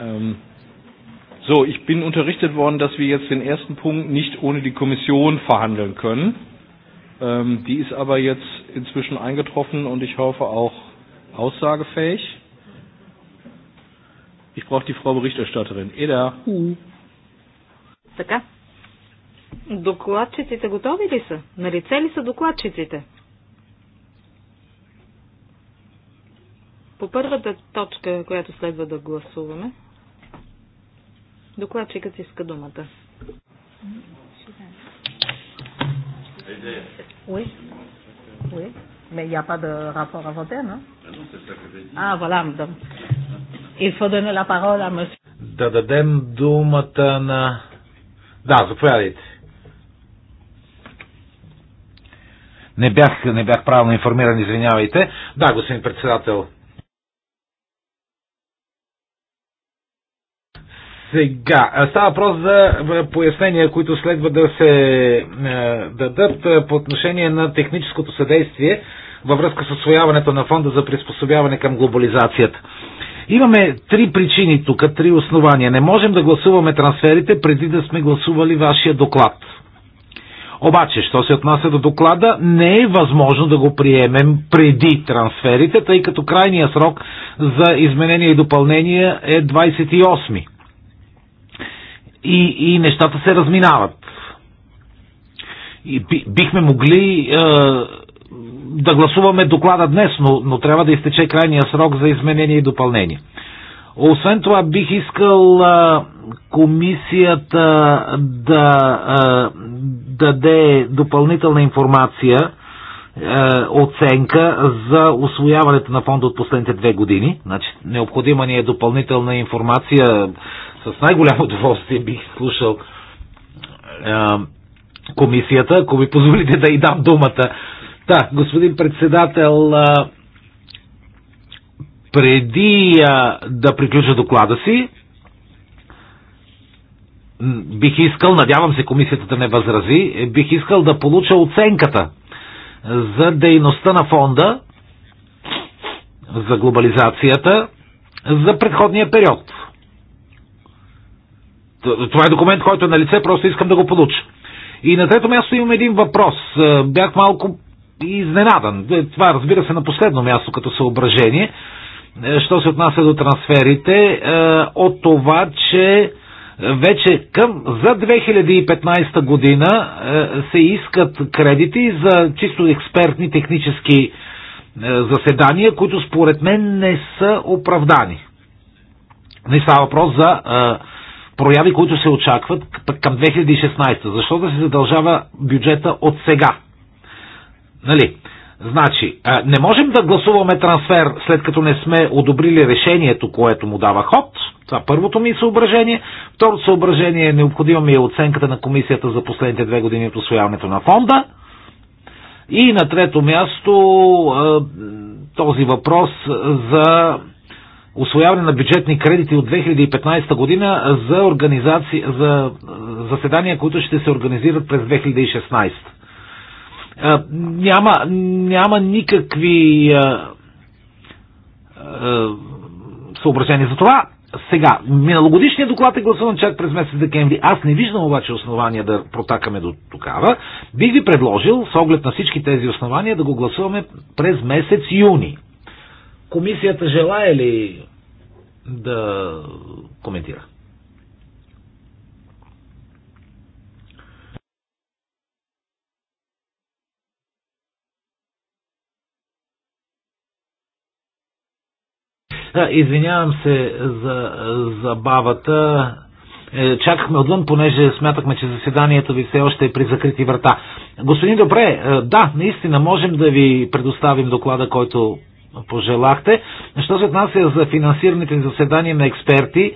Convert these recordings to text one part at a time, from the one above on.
Ähm, so, ich bin unterrichtet worden, dass wir jetzt den ersten Punkt nicht ohne die Kommission verhandeln können. Ähm, die ist aber jetzt inzwischen eingetroffen und ich hoffe auch aussagefähig. Ich brauche die Frau Berichterstatterin. Eda. Така. Докладчиците готови ли са? На лице ли са докладчиците? По първата точка, която следва да гласуваме, Докладчикът иска думата. Oui. Oui. Mais il n'y a pas de rapport à voter, non Ah, voilà. Donc, il faut donner la parole à monsieur. Да дадем думата на... Да, заповядайте. Не бях, не бях правилно информиран, извинявайте. Да, господин председател, Сега, става въпрос за пояснения, които следва да се дадат по отношение на техническото съдействие във връзка с освояването на фонда за приспособяване към глобализацията. Имаме три причини тук, три основания. Не можем да гласуваме трансферите преди да сме гласували вашия доклад. Обаче, що се отнася до доклада, не е възможно да го приемем преди трансферите, тъй като крайния срок за изменение и допълнение е 28 и, и нещата се разминават. И бихме могли е, да гласуваме доклада днес, но, но трябва да изтече крайния срок за изменение и допълнение. Освен това, бих искал е, комисията да е, даде допълнителна информация, е, оценка за освояването на фонда от последните две години. Значи, необходима ни е допълнителна информация с най-голямо удоволствие бих слушал е, комисията, ако ми позволите да й дам думата. Да, господин председател, е, преди е, да приключа доклада си, бих искал, надявам се комисията да не възрази, е, бих искал да получа оценката за дейността на фонда за глобализацията за предходния период. Това е документ, който е на лице, просто искам да го получа. И на трето място имам един въпрос. Е, бях малко изненадан. Е, това разбира се на последно място като съображение, е, що се отнася до трансферите, от това, че вече към за 2015 година се искат кредити за чисто експертни технически заседания, които според мен не са оправдани. Не става въпрос за прояви, които се очакват към 2016. Защо да се задължава бюджета от сега? Нали? Значи, не можем да гласуваме трансфер след като не сме одобрили решението, което му дава ход. Това е първото ми съображение. Второто съображение е необходима ми е оценката на комисията за последните две години от освояването на фонда. И на трето място този въпрос за освояване на бюджетни кредити от 2015 година за, организации, за заседания, които ще се организират през 2016. Няма, няма никакви съображения за това. Сега, миналогодишният доклад е гласуван чак през месец декември. Аз не виждам обаче основания да протакаме до тогава. Бих ви предложил, с оглед на всички тези основания, да го гласуваме през месец юни. Комисията желая ли да коментира? Да, извинявам се за забавата. Е, чакахме отвън, понеже смятахме, че заседанието ви все още е при закрити врата. Господин Добре, е, да, наистина можем да ви предоставим доклада, който пожелахте. Що се отнася за финансираните заседания на експерти, е,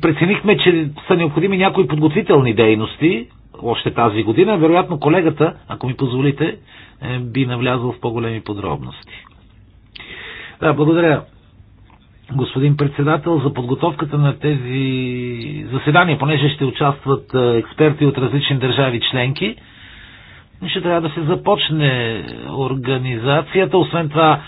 преценихме, че са необходими някои подготвителни дейности още тази година. Вероятно колегата, ако ми позволите, е, би навлязъл в по-големи подробности. Да, благодаря, господин председател, за подготовката на тези заседания, понеже ще участват е, експерти от различни държави членки ще трябва да се започне организацията. Освен това,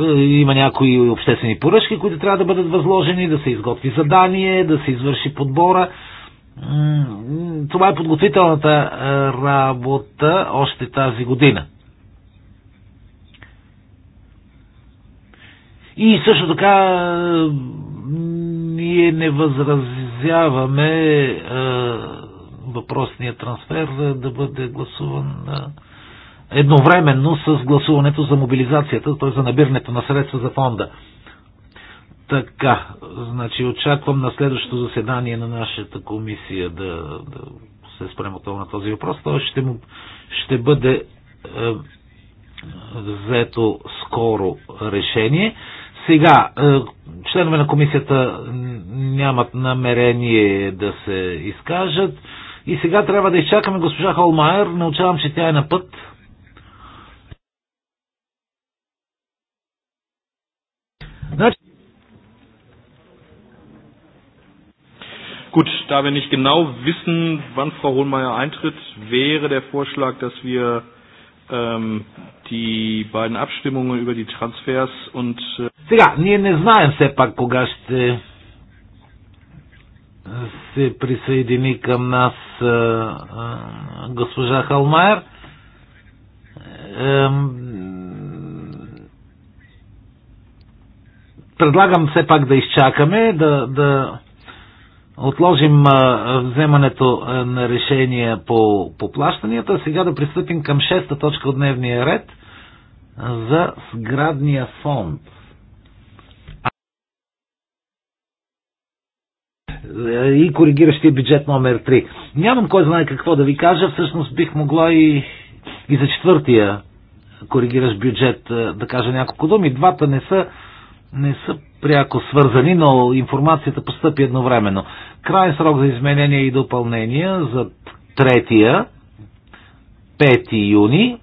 е, има някои обществени поръчки, които трябва да бъдат възложени, да се изготви задание, да се извърши подбора. Това е подготвителната е, работа още тази година. И също така е, ние не възразяваме въпросния трансфер да бъде гласуван едновременно с гласуването за мобилизацията, т.е. за набирането на средства за фонда. Така, значи очаквам на следващото заседание на нашата комисия да, да се спрем отново на този въпрос. Той ще, му, ще бъде е, взето скоро решение. Сега, е, членове на комисията нямат намерение да се изкажат. И сега трябва да изчакаме госпожа Холмайер. Научавам, че тя е на път. Значи... Gut, da wir nicht genau wissen, wann Frau Hohlmeier eintritt, wäre der Vorschlag, dass wir ähm, die beiden Abstimmungen über die Transfers und... Äh Сега, ние не знаем все пак кога ще се присъедини към нас госпожа Халмайер. Предлагам все пак да изчакаме, да, да отложим вземането на решения по, по плащанията. Сега да пристъпим към шеста точка от дневния ред за сградния фонд. и коригиращия бюджет номер 3. Нямам кой знае какво да ви кажа, всъщност бих могла и, и за четвъртия коригиращ бюджет да кажа няколко думи. Двата не са, не са пряко свързани, но информацията постъпи едновременно. Крайен срок за изменения и допълнения за третия, 5 юни,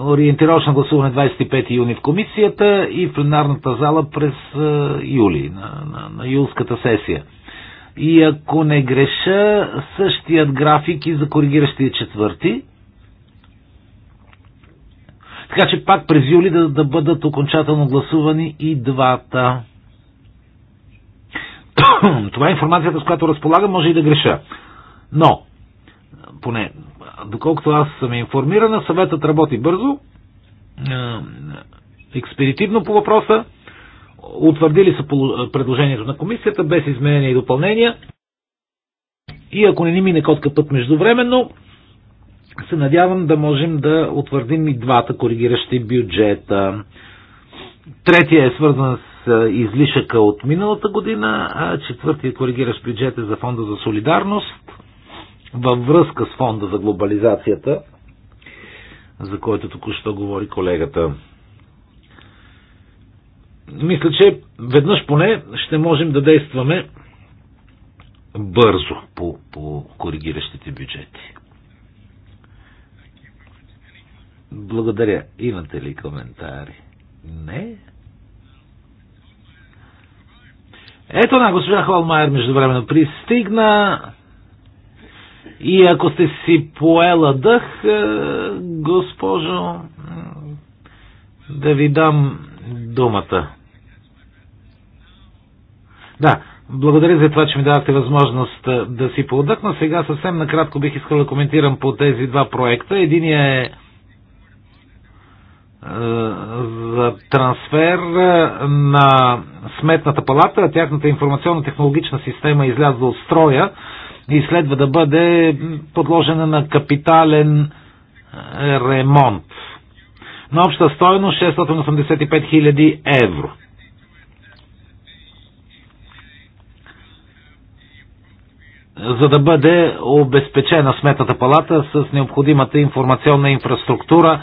ориентировъчно гласуване 25 юни в комисията и в пленарната зала през юли, на, на, на юлската сесия. И ако не греша, същият график и за коригиращия четвърти. Така че пак през юли да, да бъдат окончателно гласувани и двата. Това е информацията, с която разполагам, може и да греша. Но, поне, доколкото аз съм информирана, съветът работи бързо, експедитивно по въпроса утвърдили са предложението на комисията без изменения и допълнения. И ако не ни мине котка път междувременно, се надявам да можем да утвърдим и двата коригиращи бюджета. Третия е свързан с излишъка от миналата година, а четвъртия коригиращ бюджет е за Фонда за солидарност във връзка с Фонда за глобализацията, за който току-що говори колегата мисля, че веднъж поне ще можем да действаме бързо по, по коригиращите бюджети. Благодаря. Имате ли коментари? Не? Ето на госпожа Холмайер междувременно пристигна. И ако сте си поела дъх, е, госпожо, да ви дам думата. Да, благодаря за това, че ми давахте възможност да си поотдъхна. Сега съвсем накратко бих искал да коментирам по тези два проекта. Единия е за трансфер на сметната палата. Тяхната информационно-технологична система излязла от строя и следва да бъде подложена на капитален ремонт. На обща стоеност 685 000 евро. за да бъде обезпечена сметната палата с необходимата информационна инфраструктура.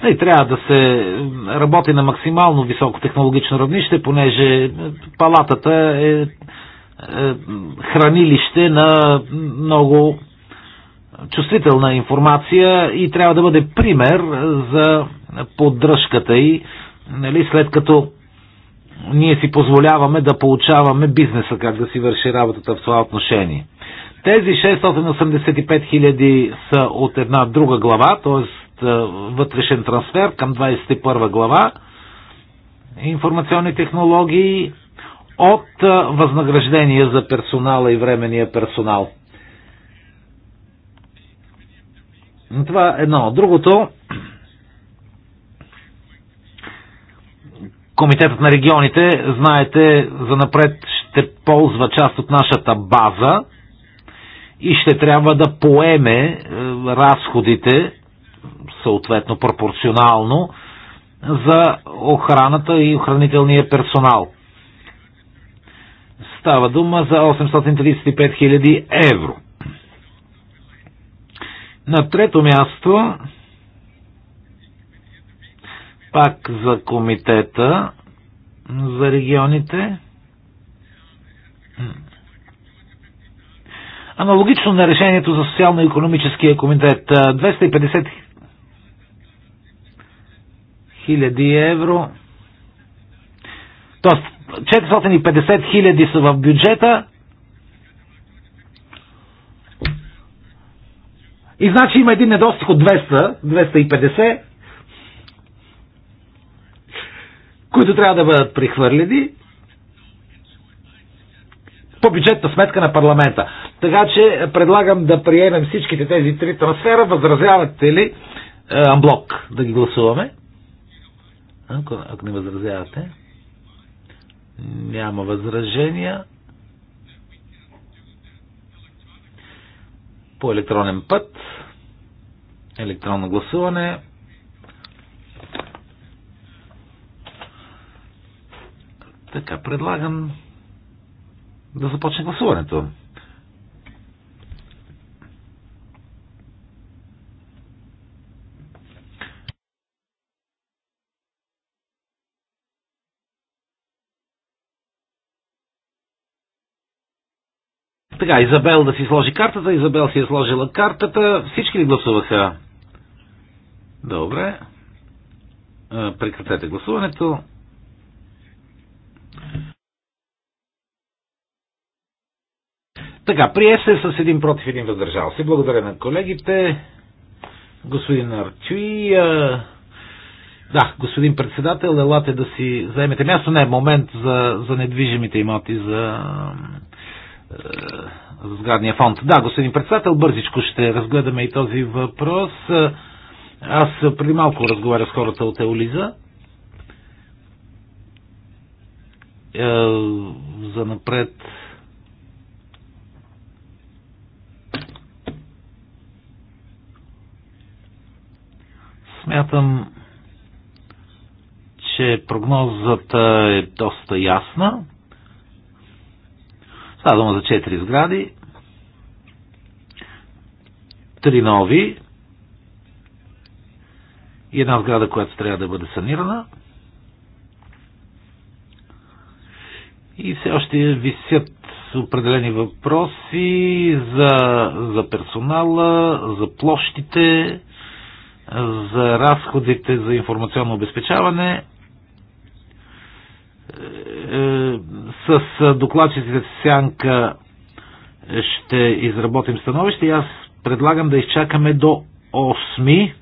И нали, трябва да се работи на максимално високо технологично равнище, понеже палатата е, е хранилище на много чувствителна информация и трябва да бъде пример за поддръжката и нали, след като ние си позволяваме да получаваме бизнеса как да си върши работата в това отношение. Тези 685 хиляди са от една друга глава, т.е. Е, вътрешен трансфер към 21 глава информационни технологии от е, възнаграждения за персонала и временния персонал. Това е едно. Другото, Комитетът на регионите, знаете, за напред ще ползва част от нашата база, и ще трябва да поеме е, разходите, съответно пропорционално, за охраната и охранителния персонал. Става дума за 835 000 евро. На трето място, пак за комитета за регионите, Аналогично на решението за социално-економическия комитет 250 хиляди евро. Тоест, 450 хиляди са в бюджета. И значи има един недостиг от 200, 250, които трябва да бъдат прихвърлени по бюджетна сметка на парламента. Така че е, предлагам да приемем всичките тези три трансфера. Възразявате ли е, амблок да ги гласуваме? Ако, ако не възразявате. Няма възражения. По електронен път. Електронно гласуване. Така, предлагам да започне гласуването. Така, Изабел да си сложи картата, Изабел си е сложила картата, всички ли гласуваха? Добре. Прекратете гласуването. Така, прие се с един против, един въздържал се. Благодаря на колегите. Господин Арчуи, а... да, господин председател, елате да си заемете място. Не, е момент за, за недвижимите имоти, за, за сградния фонд. Да, господин председател, бързичко ще разгледаме и този въпрос. Аз преди малко разговарях с хората от Еолиза. Е, за напред Смятам, че прогнозата е доста ясна. Става дума за 4 сгради, 3 нови и една сграда, която трябва да бъде санирана. И все още висят определени въпроси за, за персонала, за площите, за разходите за информационно обезпечаване е, е, с докладчиците Сянка ще изработим становище и аз предлагам да изчакаме до 8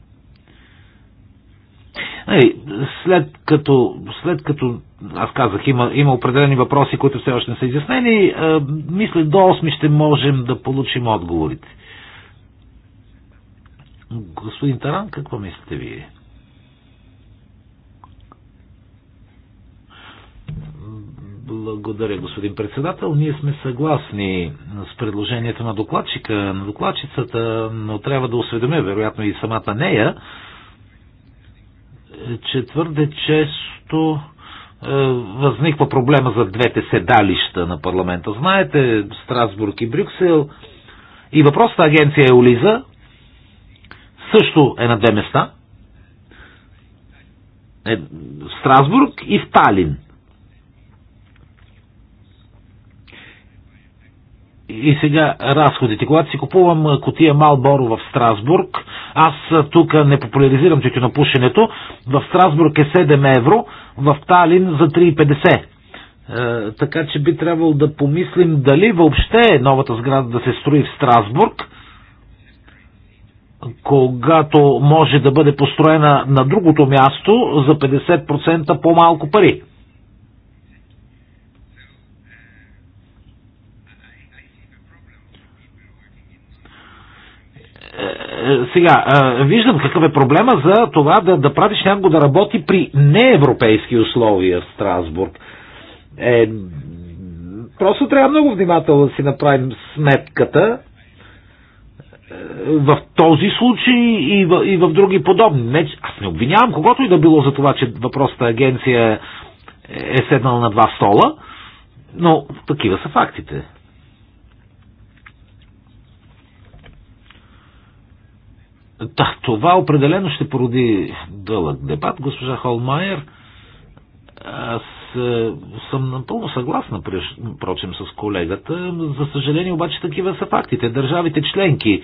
след като, след като аз казах, има, има определени въпроси, които все още не са изяснени, е, мисля до 8 ще можем да получим отговорите. Господин Таран, какво мислите вие? Благодаря, господин председател. Ние сме съгласни с предложението на докладчика, на докладчицата, но трябва да осведомя, вероятно и самата нея, че твърде често е, възниква проблема за двете седалища на парламента. Знаете, Страсбург и Брюксел. И въпросната агенция е ОЛИЗА също е на две места. Е, Страсбург и в Талин. И сега разходите. Когато си купувам котия Малборо в Страсбург, аз тук не популяризирам тютюнопушенето, в Страсбург е 7 евро, в Талин за 3,50 е, така че би трябвало да помислим дали въобще новата сграда да се строи в Страсбург когато може да бъде построена на другото място за 50% по-малко пари. Е, е, сега, е, виждам какъв е проблема за това да, да правиш някого да работи при неевропейски условия в Страсбург. Е, просто трябва много внимателно да си направим сметката в този случай и в, и в други подобни. Не, аз не обвинявам когото и да било за това, че въпросната агенция е седнала на два стола, но такива са фактите. Да, това определено ще породи дълъг дебат, госпожа Холмайер. Аз е, съм напълно съгласна, прочим, с колегата. За съжаление обаче такива са фактите. Държавите членки е,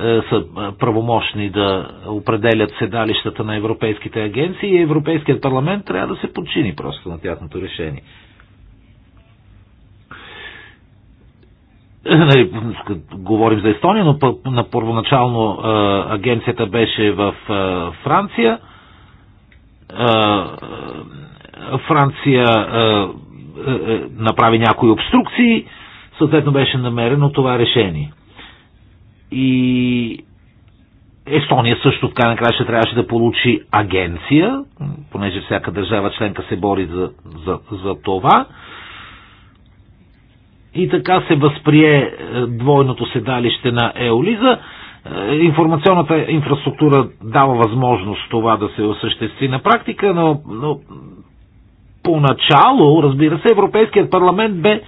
са е, правомощни да определят седалищата на европейските агенции и Европейският парламент трябва да се подчини просто на тяхното решение. Нали, говорим за Естония, но на първоначално агенцията беше в Франция. Франция е, е, е, направи някои обструкции, съответно беше намерено това решение. И Естония също така накрая ще трябваше да получи агенция, понеже всяка държава членка се бори за, за, за това. И така се възприе двойното седалище на Еолиза. Информационната инфраструктура дава възможност това да се осъществи на практика, но, но поначало, разбира се, Европейският парламент бе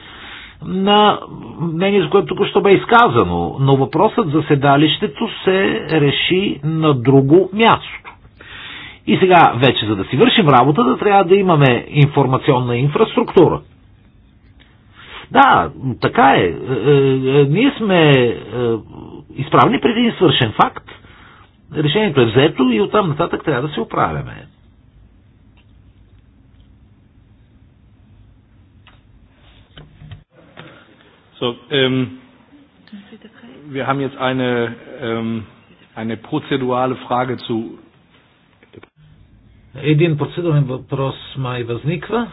на мнението, което току-що бе изказано, но въпросът за седалището се реши на друго място. И сега вече, за да си вършим работата, трябва да имаме информационна инфраструктура. Да, така е. е, е, е ние сме изправени преди един свършен факт. Решението е взето и оттам нататък трябва да се оправяме. So, ähm, wir haben jetzt eine, ähm, eine prozedurale Frage zu. Един процедурен въпрос май възниква.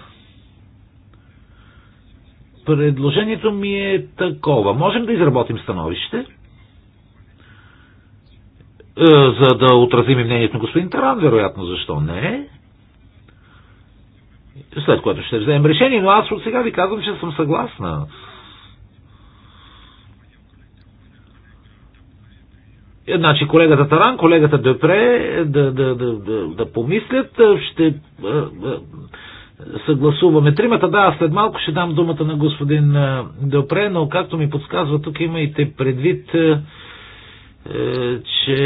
Предложението ми е такова. Можем да изработим становище, е, за да отразим мнението на господин Таран, вероятно защо не след което ще вземем решение, но аз от сега ви казвам, че съм съгласна Е, значи колегата Таран, колегата Депре да, да, да, да, да помислят, е, ще е, съгласуваме тримата. Да, след малко ще дам думата на господин Депре, но както ми подсказва, тук имайте предвид, че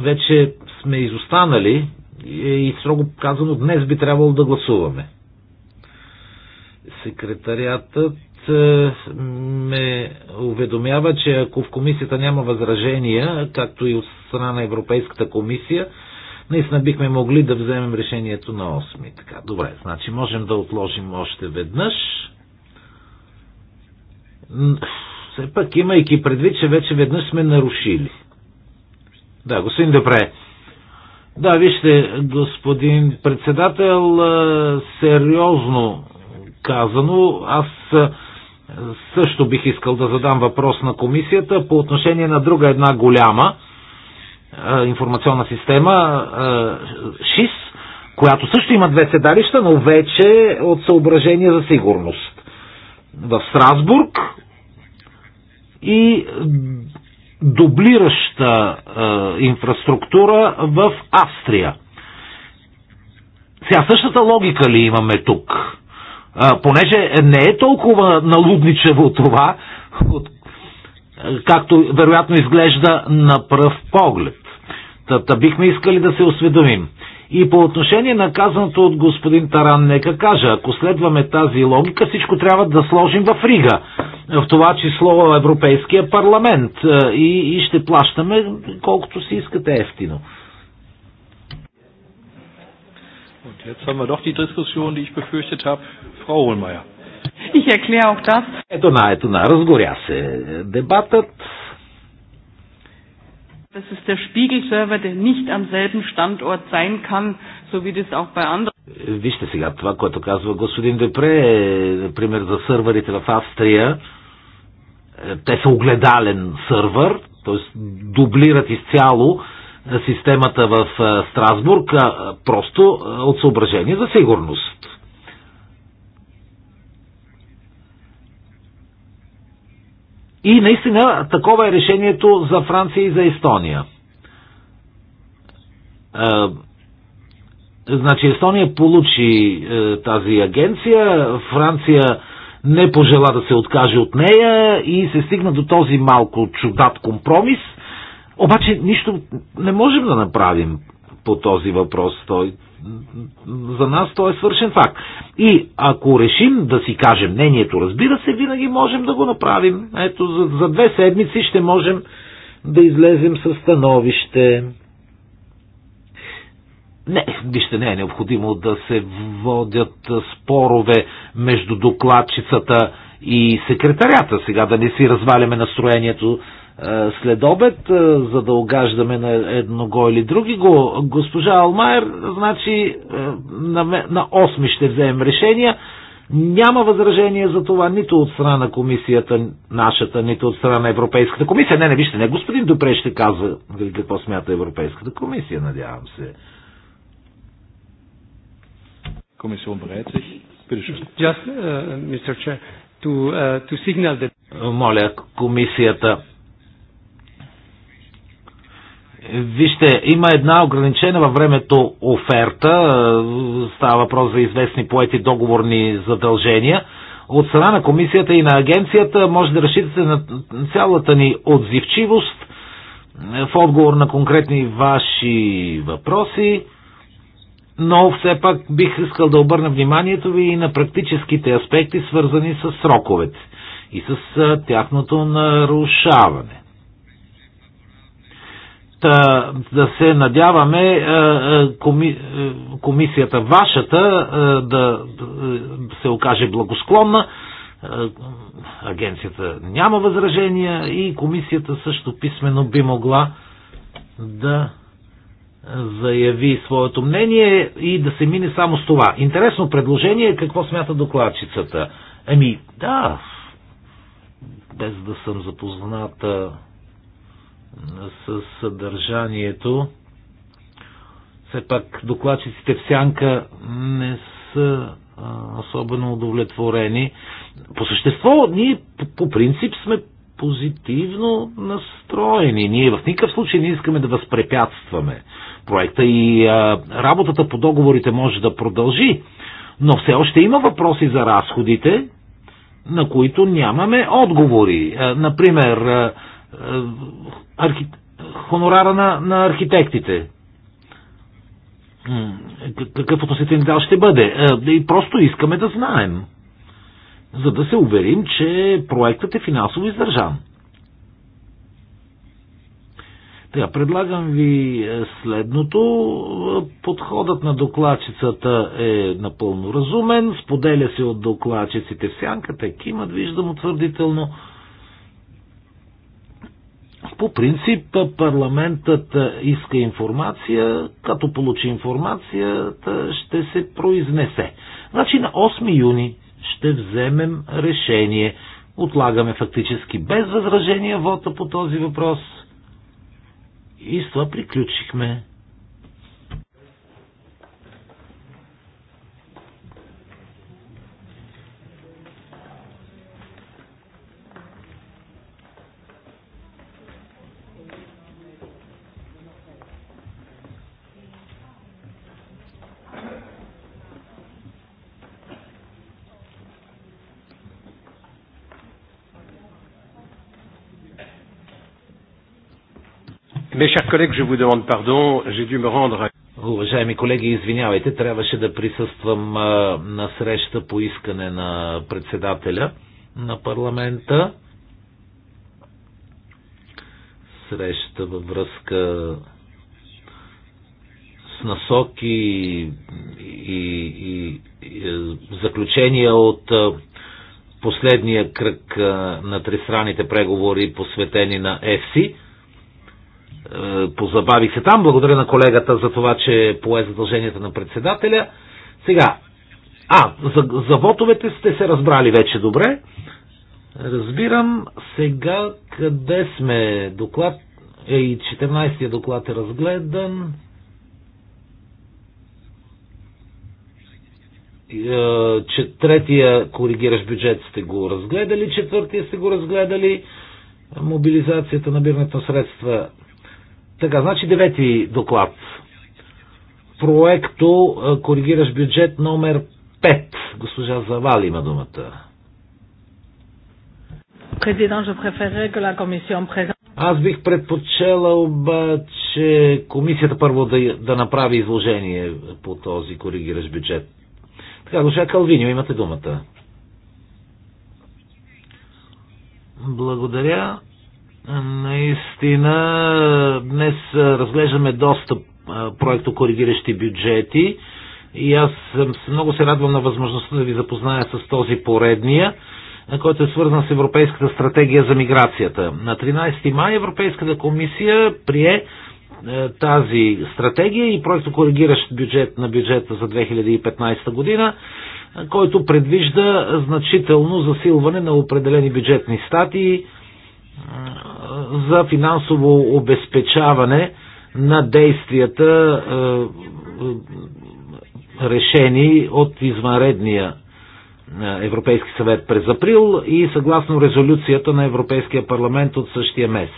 вече сме изостанали и строго казано днес би трябвало да гласуваме. Секретариатът ме уведомява, че ако в комисията няма възражения, както и от страна на Европейската комисия, наистина бихме могли да вземем решението на 8. Така, добре, значи можем да отложим още веднъж. Все пак, имайки предвид, че вече веднъж сме нарушили. Да, господин Депре. Да, вижте, господин председател, сериозно казано, аз също бих искал да задам въпрос на комисията по отношение на друга една голяма информационна система ШИС, която също има две седалища, но вече е от съображения за сигурност. В Страсбург и дублираща инфраструктура в Австрия. Сега същата логика ли имаме тук? понеже не е толкова налудничево това, от, както вероятно изглежда на пръв поглед. Та бихме искали да се осведомим. И по отношение на казаното от господин Таран, нека кажа, ако следваме тази логика, всичко трябва да сложим в Рига, в това число Европейския парламент и, и ще плащаме колкото си искате ефтино. Jetzt haben wir doch die Diskussion, die ich befürchtet habe. Frau Hohlmeier. Ich erkläre auch das. Das ist der Spiegelserver, der nicht am selben Standort sein kann, so wie das auch bei anderen. Вижте сега това, което казва господин Депре, например за сървърите в Австрия. Те са огледален сървър, т.е. дублират изцяло системата в Страсбург, а просто от съображение за сигурност. И наистина такова е решението за Франция и за Естония. Значи Естония получи е, тази агенция, Франция не пожела да се откаже от нея и се стигна до този малко чудат компромис – обаче нищо не можем да направим по този въпрос. Той, за нас той е свършен факт. И ако решим да си кажем мнението, разбира се, винаги можем да го направим. Ето, за, за две седмици ще можем да излезем със становище. Не, вижте, не е необходимо да се водят спорове между докладчицата и секретарята. Сега да не си разваляме настроението е, след обед, е, за да огаждаме на едного или други го. Госпожа Алмайер, значи е, на 8 ще вземем решения. Няма възражение за това нито от страна на комисията нашата, нито от страна на Европейската комисия. Не, не, вижте, не, господин Добре ще казва какво смята Европейската комисия, надявам се. Комисия Брецих. Just, uh, Mr. Chair, to, uh, to signal that... Моля комисията Вижте, има една ограничена във времето оферта, става въпрос за известни поети договорни задължения. От страна на комисията и на агенцията може да разчитате на цялата ни отзивчивост в отговор на конкретни ваши въпроси, но все пак бих искал да обърна вниманието ви и на практическите аспекти, свързани с сроковете и с тяхното нарушаване. Та, е, да се надяваме е, е, коми, комисията вашата да се окаже благосклонна. Агенцията няма възражения и комисията също писменно би могла да заяви своето мнение и да се мине само с това. Интересно предложение е какво смята докладчицата. Еми, да, без да съм запозната с съдържанието. Все пак докладчиците в сянка не са особено удовлетворени. По същество, ние по принцип сме позитивно настроени. Ние в никакъв случай не искаме да възпрепятстваме проекта и а, работата по договорите може да продължи, но все още има въпроси за разходите, на които нямаме отговори. А, например, а, а, архи... хонорара на, на архитектите. Какъв относителен дал ще бъде? Е, и просто искаме да знаем, за да се уверим, че проектът е финансово издържан. Така, предлагам ви е, следното. Подходът на докладчицата е напълно разумен, споделя се от докладчиците в сянка, те кимат, виждам утвърдително. По принцип парламентът иска информация, като получи информацията ще се произнесе. Значи на 8 юни ще вземем решение. Отлагаме фактически без възражения вота по този въпрос. И с това приключихме Mes chers collègues, je vous demande pardon, j'ai dû me rendre Уважаеми колеги, извинявайте, трябваше да присъствам на среща по искане на председателя на парламента. Среща във връзка с насоки и, и, и, и е, заключения от последния кръг на тристранните преговори, посветени на ЕСИ. Е, позабавих се там. Благодаря на колегата за това, че пое задълженията на председателя. Сега, а, за, за вотовете сте се разбрали вече добре. Разбирам, сега къде сме? Доклад е, и 14-я доклад е разгледан. Е, че третия коригираш бюджет сте го разгледали, четвъртия сте го разгледали мобилизацията, набирането на средства така, значи девети доклад. Проекто коригираш бюджет номер 5. Госпожа Завали има думата. аз бих предпочела обаче комисията първо да, да направи изложение по този коригиращ бюджет. Така, госпожа Калвинио, имате думата. Благодаря. Наистина, днес разглеждаме доста проекто коригиращи бюджети и аз много се радвам на възможността да ви запозная с този поредния който е свързан с Европейската стратегия за миграцията. На 13 май Европейската комисия прие тази стратегия и проекто коригиращ бюджет на бюджета за 2015 година, който предвижда значително засилване на определени бюджетни статии, за финансово обезпечаване на действията е, е, решени от извънредния е, Европейски съвет през април и съгласно резолюцията на Европейския парламент от същия месец.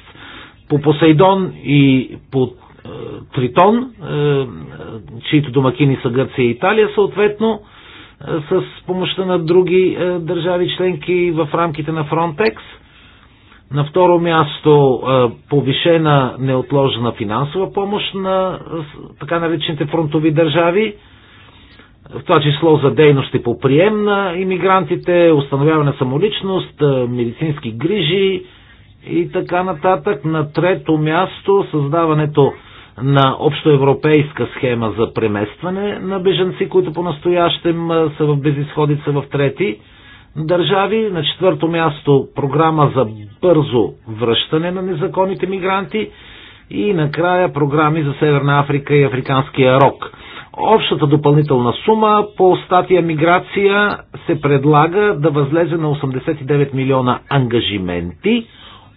По Посейдон и по Тритон, чието домакини са Гърция и Италия, съответно с помощта на други държави членки в рамките на Фронтекс – на второ място повишена неотложена финансова помощ на така наречените фронтови държави, в това число за дейности по прием на иммигрантите, установяване самоличност, медицински грижи и така нататък. На трето място създаването на общоевропейска схема за преместване на беженци, които по-настоящем са в безисходица в трети държави. На четвърто място програма за бързо връщане на незаконните мигранти и накрая програми за Северна Африка и Африканския рок. Общата допълнителна сума по статия миграция се предлага да възлезе на 89 милиона ангажименти,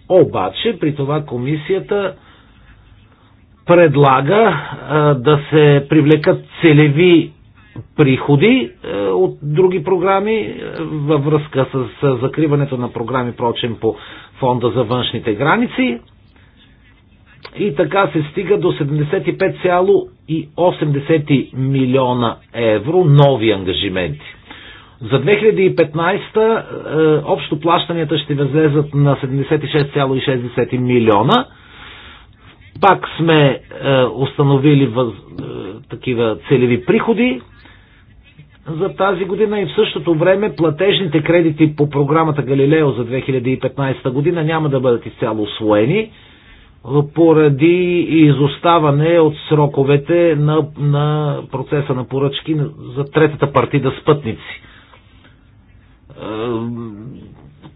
обаче при това комисията предлага а, да се привлекат целеви приходи е, от други програми е, във връзка с закриването на програми, прочен по фонда за външните граници. И така се стига до 75,8 милиона евро нови ангажименти. За 2015 е, общо плащанията ще възлезат на 76,6 милиона. Пак сме установили въз, такива целеви приходи за тази година и в същото време платежните кредити по програмата Галилео за 2015 година няма да бъдат изцяло освоени поради изоставане от сроковете на, на процеса на поръчки за третата партида спътници.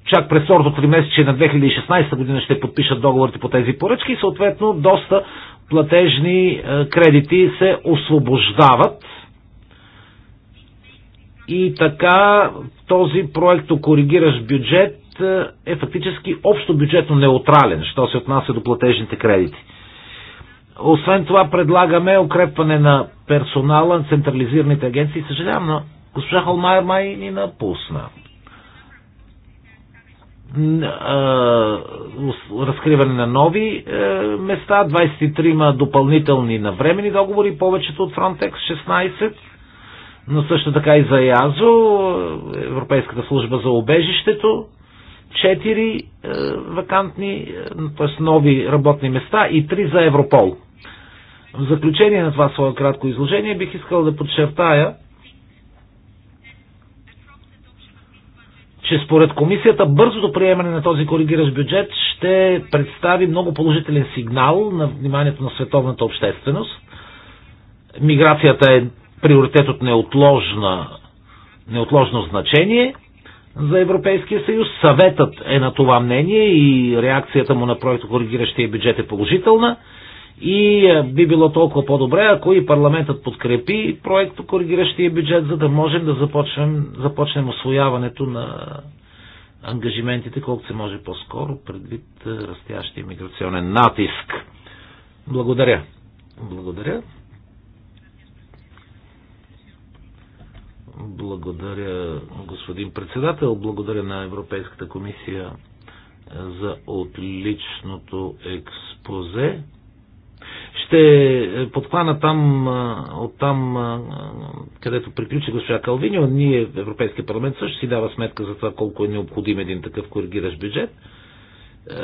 Чак през 3 месече на 2016 година ще подпишат договорите по тези поръчки и съответно доста платежни кредити се освобождават и така този проект о коригиращ бюджет е фактически общо бюджетно неутрален, що се отнася до платежните кредити. Освен това предлагаме укрепване на персонала на централизираните агенции. Съжалявам, но госпожа Холмайер май ни напусна. Разкриване на нови е, места, 23 допълнителни на времени договори, повечето от Frontex, 16 но също така и за ЯЗО, Европейската служба за обежището, четири е, вакантни, т.е. нови работни места и три за Европол. В заключение на това свое кратко изложение бих искал да подчертая, че според комисията бързото приемане на този коригиращ бюджет ще представи много положителен сигнал на вниманието на световната общественост. Миграцията е приоритет от неотложна, неотложно значение за Европейския съюз. Съветът е на това мнение и реакцията му на проекта коригиращия бюджет е положителна. И е, би било толкова по-добре, ако и парламентът подкрепи проекта коригиращия бюджет, за да можем да започнем, започнем освояването на ангажиментите колкото се може по-скоро, предвид е, растящия миграционен натиск. Благодаря. Благодаря. Благодаря, господин председател. Благодаря на Европейската комисия е, за отличното експозе. Ще е, подхвана там, е, от там, където приключи госпожа Калвиньо. Ние, Европейския парламент, също си дава сметка за това колко е необходим един такъв коригиращ бюджет – е,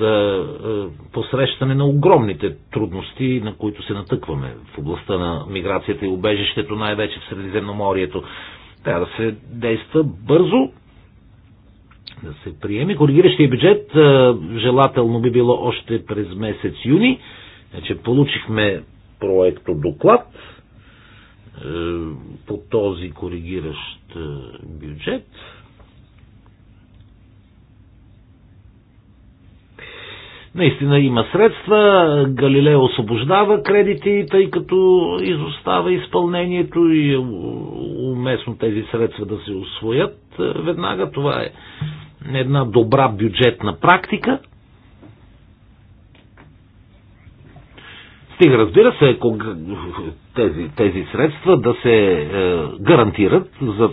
за е, посрещане на огромните трудности, на които се натъкваме в областта на миграцията и убежището, най-вече в Средиземноморието. Трябва да се действа бързо, да се приеме. Коригиращия бюджет е, желателно би било още през месец юни. Значи получихме проекто доклад по този коригиращ бюджет. Наистина има средства, Галилео освобождава кредити, тъй като изостава изпълнението и е уместно тези средства да се освоят е, веднага. Това е една добра бюджетна практика. Стига, разбира се, ако тези, тези средства да се е, гарантират за,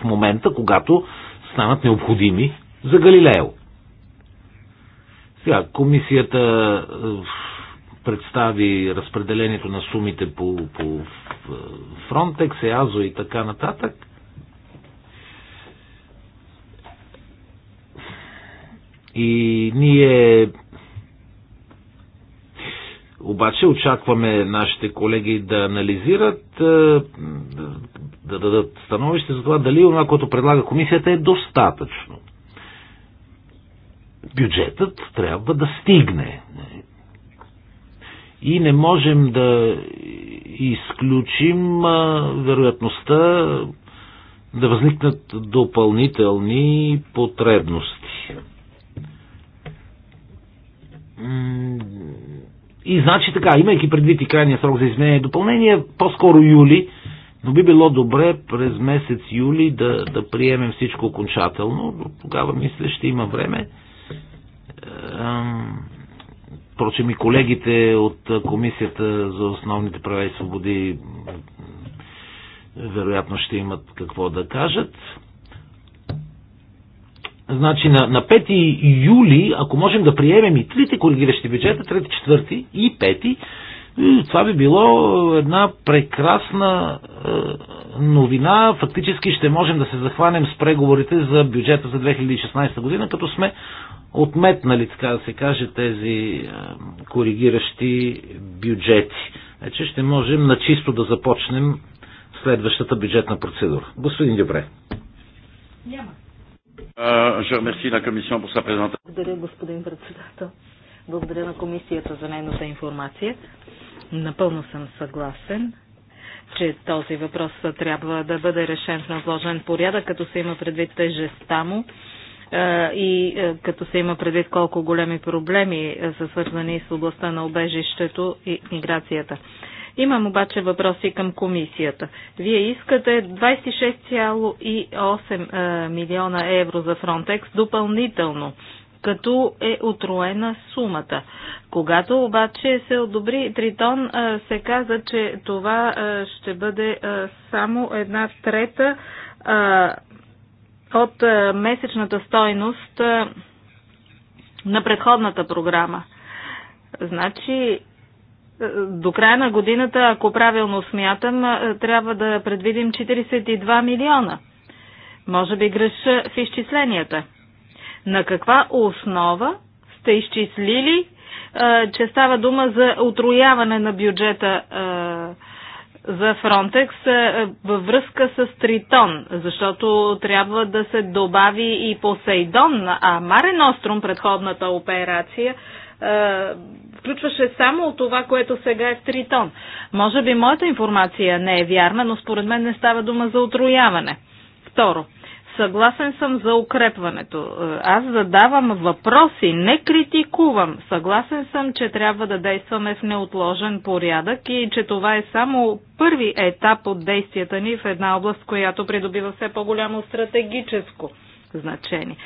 в момента, когато станат необходими за Галилео. Сега, комисията е, представи разпределението на сумите по, по е, Frontex, EASO и така нататък. И ние обаче очакваме нашите колеги да анализират, е, да дадат становище за това дали това, което предлага комисията е достатъчно бюджетът трябва да стигне. И не можем да изключим вероятността да възникнат допълнителни потребности. И значи така, имайки предвид и крайния срок за изменение и допълнение, по-скоро юли, но би било добре през месец юли да, да приемем всичко окончателно. Тогава, мисля, ще има време Впрочем и колегите от Комисията за основните права и свободи вероятно ще имат какво да кажат. Значи на, на 5 юли, ако можем да приемем и трите коригиращи бюджета, 3, 4 и 5, това би било една прекрасна е, новина. Фактически ще можем да се захванем с преговорите за бюджета за 2016 година, като сме отметнали, така да се каже, тези коригиращи бюджети. Значи ще можем начисто да започнем следващата бюджетна процедура. Господин Дюбре. Няма. Благодаря, господин председател. Благодаря на комисията за нейната информация. Напълно съм съгласен, че този въпрос трябва да бъде решен в неотложен порядък, като се има предвид тежестта му и като се има предвид колко големи проблеми са свързани с областта на обежището и миграцията. Имам обаче въпроси към комисията. Вие искате 26,8 милиона евро за Фронтекс допълнително като е отроена сумата. Когато обаче се одобри Тритон, се каза, че това ще бъде само една трета от е, месечната стойност е, на предходната програма. Значи, е, до края на годината, ако правилно смятам, трябва да предвидим 42 милиона. Може би греша в изчисленията. На каква основа сте изчислили, че става дума за отрояване на бюджета за Фронтекс е, във връзка с Тритон, защото трябва да се добави и Посейдон, а Маре Ностром, предходната операция, е, включваше само това, което сега е в Тритон. Може би моята информация не е вярна, но според мен не става дума за отрояване. Второ, Съгласен съм за укрепването. Аз задавам въпроси, не критикувам. Съгласен съм, че трябва да действаме в неотложен порядък и че това е само първи етап от действията ни в една област, която придобива все по-голямо стратегическо значение.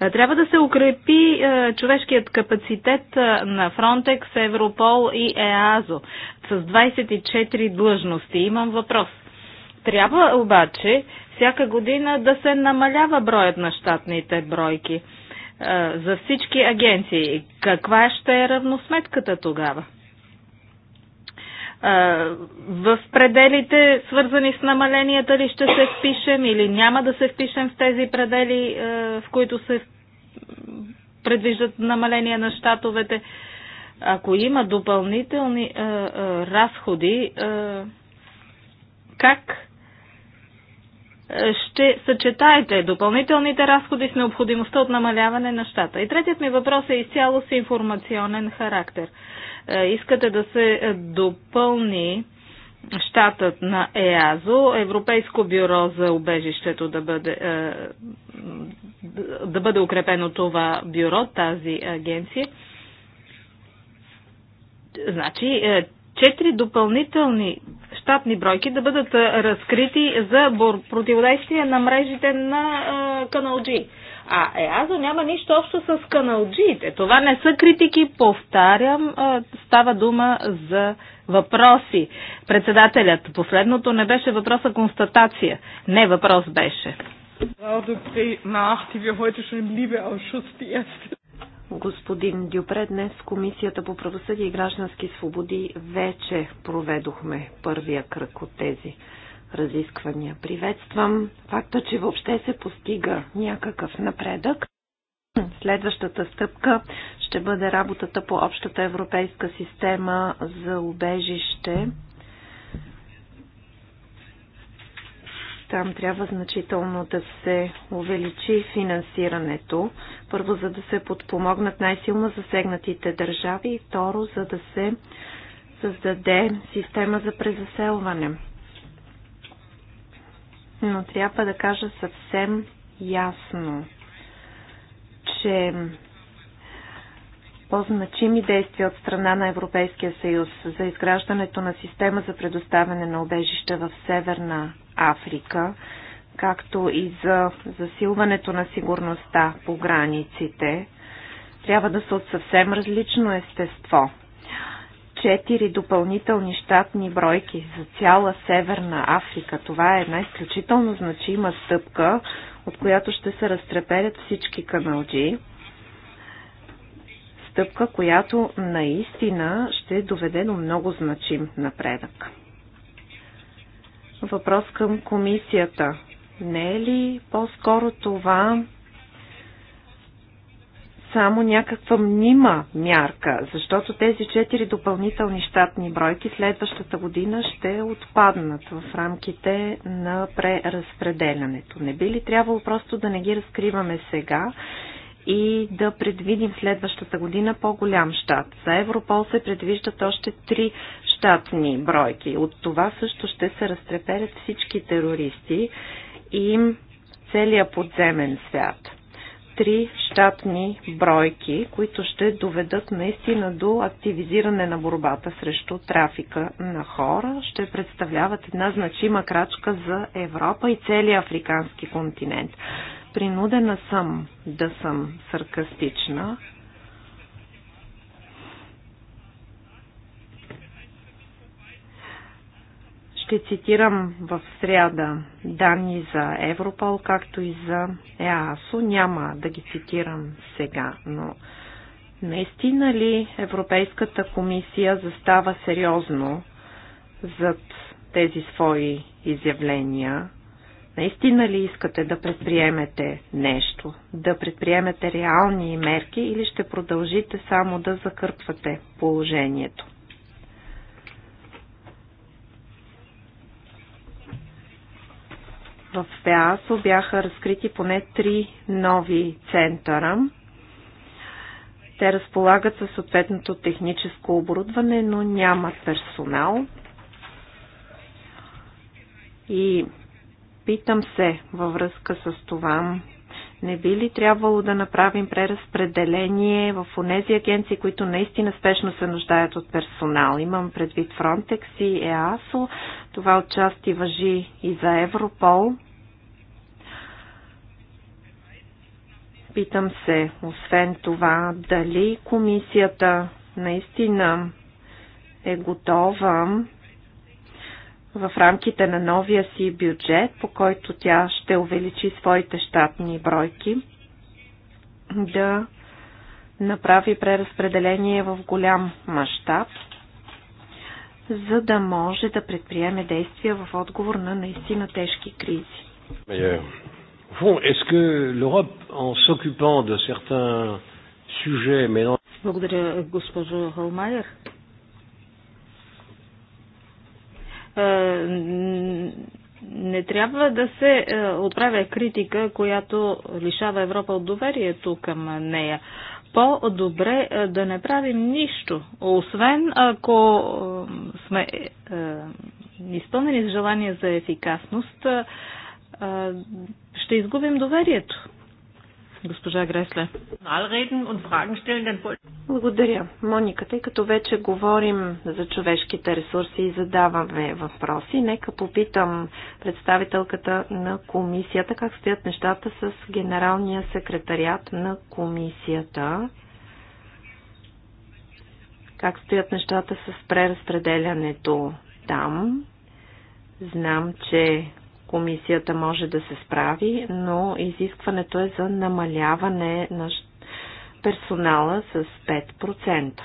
Е, трябва да се укрепи е, човешкият капацитет е, на Фронтекс, Европол и ЕАЗО с 24 длъжности. Имам въпрос. Трябва обаче всяка година да се намалява броят на щатните бройки за всички агенции. Каква ще е равносметката тогава? в пределите, свързани с намаленията ли ще се впишем или няма да се впишем в тези предели, в които се предвиждат намаления на щатовете. Ако има допълнителни разходи, как ще съчетаете допълнителните разходи с необходимостта от намаляване на щата? И третият ми въпрос е изцяло с информационен характер. Е, искате да се допълни щатът на ЕАЗО, Европейско бюро за убежището да бъде, е, да бъде укрепено това бюро, тази агенция. Значи, е, четири допълнителни щатни бройки да бъдат разкрити за противодействие на мрежите на каналджи. А ЕАЗО няма нищо общо с каналджиите. Това не са критики, повтарям, става дума за въпроси. Председателят, последното не беше въпроса констатация. Не въпрос беше. Frau Dupré nach, die wir heute schon im Liebeausschuss die erste господин Дюпре. Днес Комисията по правосъдие и граждански свободи вече проведохме първия кръг от тези разисквания. Приветствам факта, че въобще се постига някакъв напредък. Следващата стъпка ще бъде работата по общата европейска система за убежище Там трябва значително да се увеличи финансирането. Първо, за да се подпомогнат най-силно засегнатите държави и второ, за да се създаде система за презаселване. Но трябва да кажа съвсем ясно, че по-значими действия от страна на Европейския съюз за изграждането на система за предоставяне на обежища в Северна Африка, както и за засилването на сигурността по границите, трябва да са от съвсем различно естество. Четири допълнителни щатни бройки за цяла Северна Африка. Това е една изключително значима стъпка, от която ще се разтреперят всички каналджи. Стъпка, която наистина ще доведе до много значим напредък. Въпрос към комисията. Не е ли по-скоро това само някаква мнима мярка, защото тези четири допълнителни щатни бройки следващата година ще отпаднат в рамките на преразпределянето. Не би ли трябвало просто да не ги разкриваме сега, и да предвидим следващата година по-голям щат. За Европол се предвиждат още три щатни бройки. От това също ще се разтреперят всички терористи и целият подземен свят. Три щатни бройки, които ще доведат наистина до активизиране на борбата срещу трафика на хора, ще представляват една значима крачка за Европа и целия африкански континент принудена съм да съм саркастична. Ще цитирам в сряда данни за Европол, както и за ЕАСО. Няма да ги цитирам сега, но наистина ли Европейската комисия застава сериозно зад тези свои изявления? Наистина ли искате да предприемете нещо, да предприемете реални мерки или ще продължите само да закърпвате положението? В ФЕАСО бяха разкрити поне три нови центъра. Те разполагат със съответното техническо оборудване, но нямат персонал. И Питам се във връзка с това, не би ли трябвало да направим преразпределение в тези агенции, които наистина спешно се нуждаят от персонал? Имам предвид Frontex и EASO. Това отчасти въжи и за Европол. Питам се, освен това, дали комисията наистина е готова в рамките на новия си бюджет, по който тя ще увеличи своите щатни бройки, да направи преразпределение в голям мащаб, за да може да предприеме действия в отговор на наистина тежки кризи. Е, Благодаря, госпожо Холмайер. Е, не трябва да се е, отправя критика, която лишава Европа от доверието към нея. По-добре е, да не правим нищо, освен ако сме изпълнени с желание за ефикасност, ще изгубим доверието Госпожа Гресле. Благодаря. Моника, тъй като вече говорим за човешките ресурси и задаваме въпроси, нека попитам представителката на комисията как стоят нещата с генералния секретариат на комисията как стоят нещата с преразпределянето там. Знам, че комисията може да се справи, но изискването е за намаляване на персонала с 5%.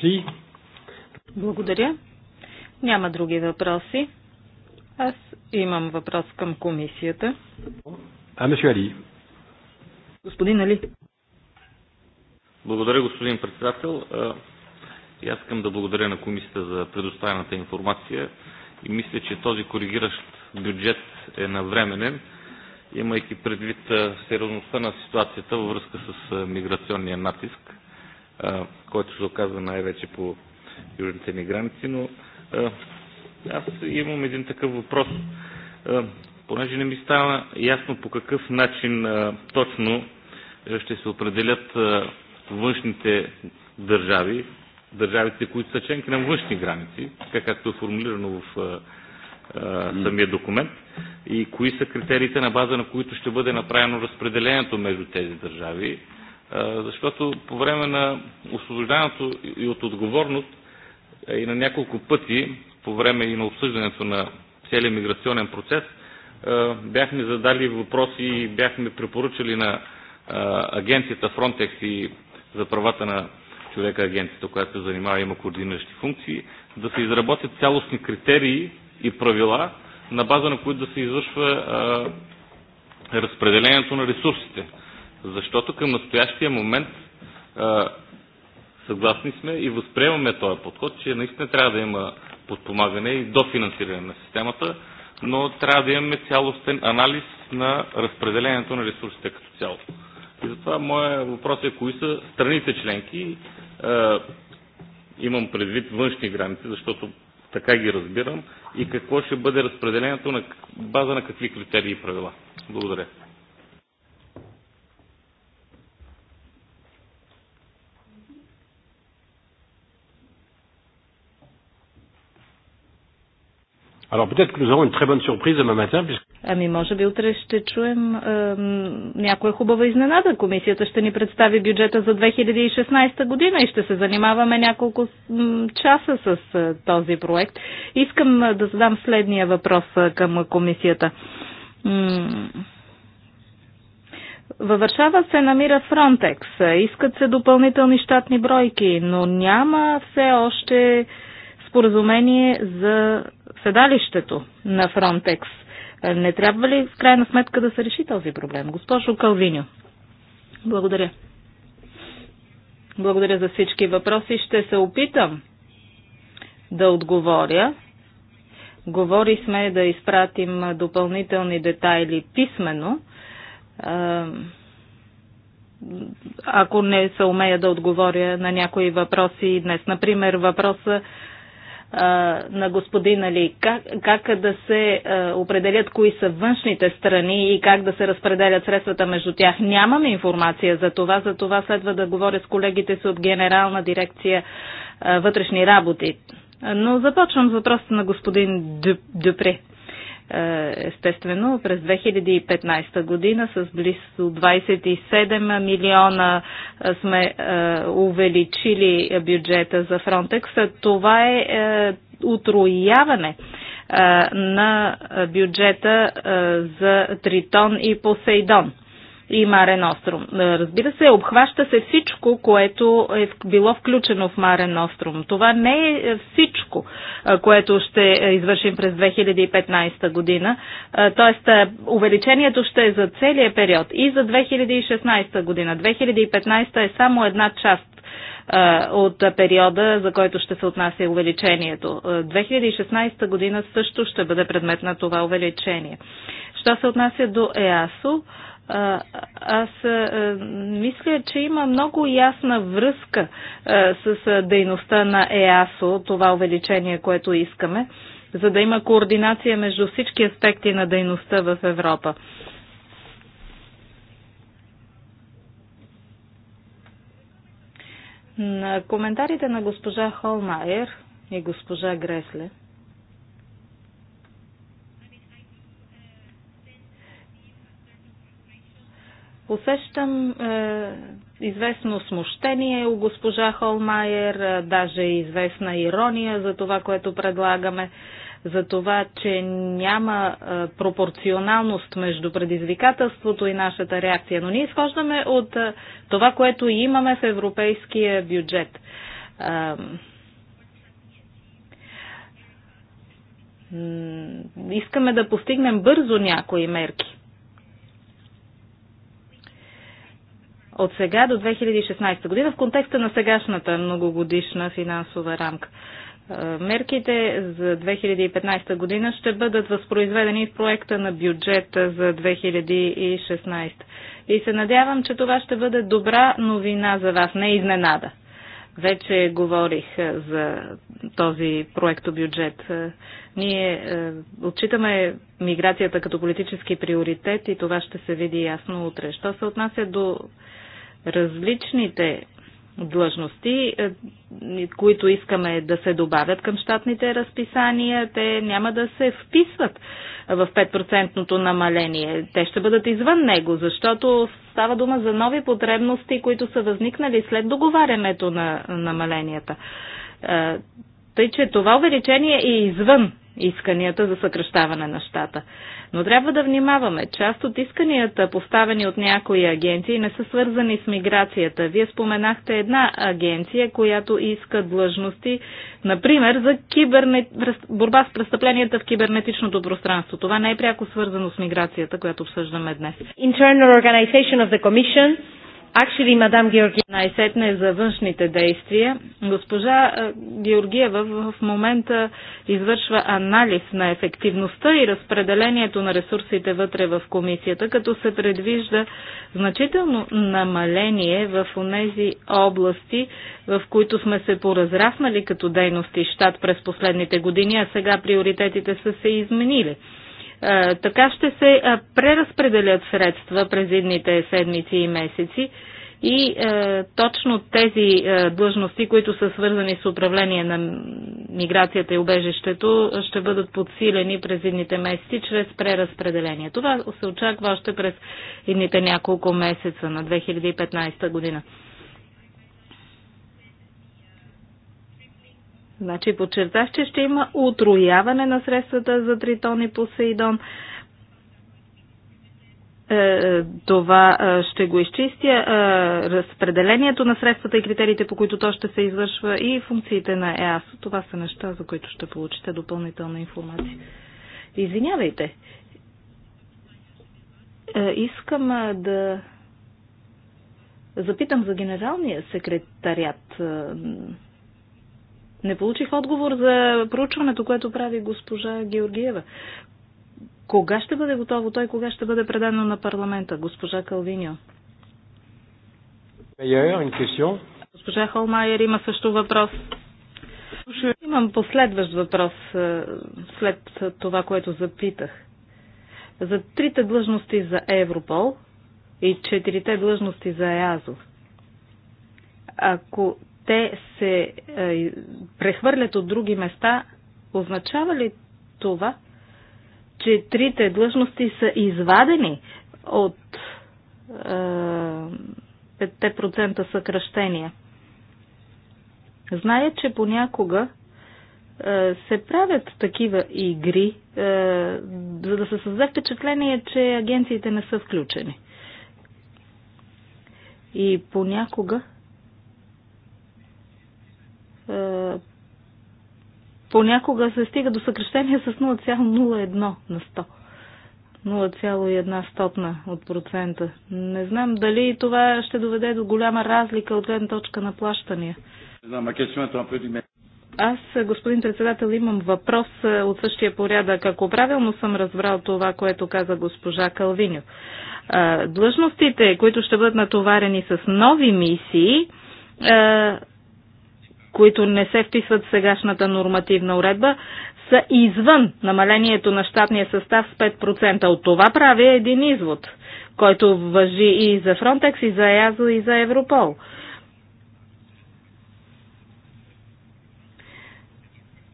Си. Благодаря. Няма други въпроси. Аз имам въпрос към комисията. А, Али. Господин Али. Благодаря, господин председател. И аз искам да благодаря на комисията за предоставената информация и мисля, че този коригиращ бюджет е навременен, имайки предвид сериозността на ситуацията във връзка с миграционния натиск, който се оказва най-вече по южните ни граници. Но аз имам един такъв въпрос. Понеже не ми става ясно по какъв начин точно ще се определят външните държави, държавите, които са членки на външни граници, така както е формулирано в самия документ и кои са критериите на база на които ще бъде направено разпределението между тези държави. Защото по време на освобождаването и от отговорност и на няколко пъти по време и на обсъждането на целият миграционен процес бяхме задали въпроси и бяхме препоръчали на агенцията Frontex и за правата на човека агенцията, която се занимава, има координиращи функции, да се изработят цялостни критерии и правила, на база на които да се извършва а, разпределението на ресурсите. Защото към настоящия момент а, съгласни сме и възприемаме този подход, че наистина трябва да има подпомагане и дофинансиране на системата, но трябва да имаме цялостен анализ на разпределението на ресурсите като цяло. И затова моят въпрос е кои са страните членки е, имам предвид външни граници, защото така ги разбирам, и какво ще бъде разпределението на база на какви критерии и правила. Благодаря. Alors peut-être que nous aurons une très bonne surprise demain matin. Puisque... Ами може би утре ще чуем е, някоя хубава изненада. Комисията ще ни представи бюджета за 2016 година и ще се занимаваме няколко часа с е, този проект. Искам е, да задам следния въпрос е, към комисията. Във Варшава се намира Фронтекс. Искат се допълнителни щатни бройки, но няма все още споразумение за седалището на Фронтекс. Не трябва ли в крайна сметка да се реши този проблем? Госпожо Калвиньо, благодаря. Благодаря за всички въпроси. Ще се опитам да отговоря. Говори сме да изпратим допълнителни детайли писменно. Е, ако не се умея да отговоря на някои въпроси днес. Например, въпроса на господин Али как, как да се определят кои са външните страни и как да се разпределят средствата между тях. Нямаме информация за това, за това следва да говоря с колегите си от Генерална дирекция вътрешни работи. Но започвам с въпроса на господин Дюпре. Е, естествено през 2015 година с близо 27 милиона е, сме е, увеличили бюджета за Фронтекс. Това е утрояване на бюджета за Тритон и Посейдон и Марен Остром. Е, разбира се, обхваща се всичко, което е било включено в Марен Ностром. Това не е, е всичко, е, което ще извършим през 2015 година. Тоест, увеличението ще е за целия период и за 2016 година. 2015 е само една част от периода, за който ще се отнася увеличението. 2016 година също ще бъде предмет на това увеличение. Що се отнася до ЕАСО, аз мисля, че има много ясна връзка с дейността на ЕАСО, това увеличение, което искаме, за да има координация между всички аспекти на дейността в Европа. На коментарите на госпожа Холмайер и госпожа Гресле – Усещам е, известно смущение у госпожа Холмайер, е, даже известна ирония за това, което предлагаме, за това, че няма е, пропорционалност между предизвикателството и нашата реакция. Но ние изхождаме от е, това, което имаме в европейския бюджет. Е, искаме да постигнем бързо някои мерки от сега до 2016 година в контекста на сегашната многогодишна финансова рамка. Е, мерките за 2015 година ще бъдат възпроизведени в проекта на бюджета за 2016. И се надявам, че това ще бъде добра новина за вас, не изненада. Вече говорих е, за този проектобюджет. Е, ние отчитаме миграцията като политически приоритет и това ще се види ясно утре. Що се отнася до различните длъжности, е, които искаме да се добавят към щатните разписания, те няма да се вписват в 5 намаление. Те ще бъдат извън него, защото става дума за нови потребности, които са възникнали след договарянето на намаленията. Е, тъй, че това увеличение е извън исканията за съкръщаване на щата. Но трябва да внимаваме. Част от исканията, поставени от някои агенции, не са свързани с миграцията. Вие споменахте една агенция, която иска длъжности, например, за киберне... борба с престъпленията в кибернетичното пространство. Това не е пряко свързано с миграцията, която обсъждаме днес. Internal organization of the Commission Actually, мадам Георгия най-сетне за външните действия. Госпожа е, Георгиева в момента извършва анализ на ефективността и разпределението на ресурсите вътре в комисията, като се предвижда значително намаление в тези области, в които сме се поразраснали като дейности щат през последните години, а сега приоритетите са се изменили. Така ще се преразпределят средства през едните седмици и месеци и е, точно тези е, длъжности, които са свързани с управление на миграцията и убежището, ще бъдат подсилени през едните месеци чрез преразпределение. Това се очаква още през едните няколко месеца на 2015 година. Значи подчертах, че ще има отрояване на средствата за Тритон и Посейдон. Е, е, това е, ще го изчистя. Разпределението на средствата и критериите, по които то ще се извършва и функциите на ЕАСО, това са неща, за които ще получите допълнителна информация. Извинявайте. Искам да запитам за генералния секретарят не получих отговор за проучването, което прави госпожа Георгиева. Кога ще бъде готово той, кога ще бъде предано на парламента, госпожа Калвиньо? Госпожа Холмайер има също въпрос. Имам последващ въпрос е, след това, което запитах. За трите длъжности за Европол и четирите длъжности за ЕАЗО. Ако те се е, прехвърлят от други места, означава ли това, че трите длъжности са извадени от е, 5% съкръщения? Зная, че понякога е, се правят такива игри, е, за да се създаде впечатление, че агенциите не са включени. И понякога е, понякога се стига до съкрещение с 0,01 на 100. 0,1 стотна от процента. Не знам дали това ще доведе до голяма разлика от гледна точка на плащания. Аз, господин председател, имам въпрос е, от същия порядък. Ако правилно съм разбрал това, което каза госпожа Калвиньо, е, длъжностите, които ще бъдат натоварени с нови мисии, които не се вписват в сегашната нормативна уредба, са извън намалението на щатния състав с 5%. От това прави един извод, който въжи и за Фронтекс, и за ЕАЗО, и за Европол.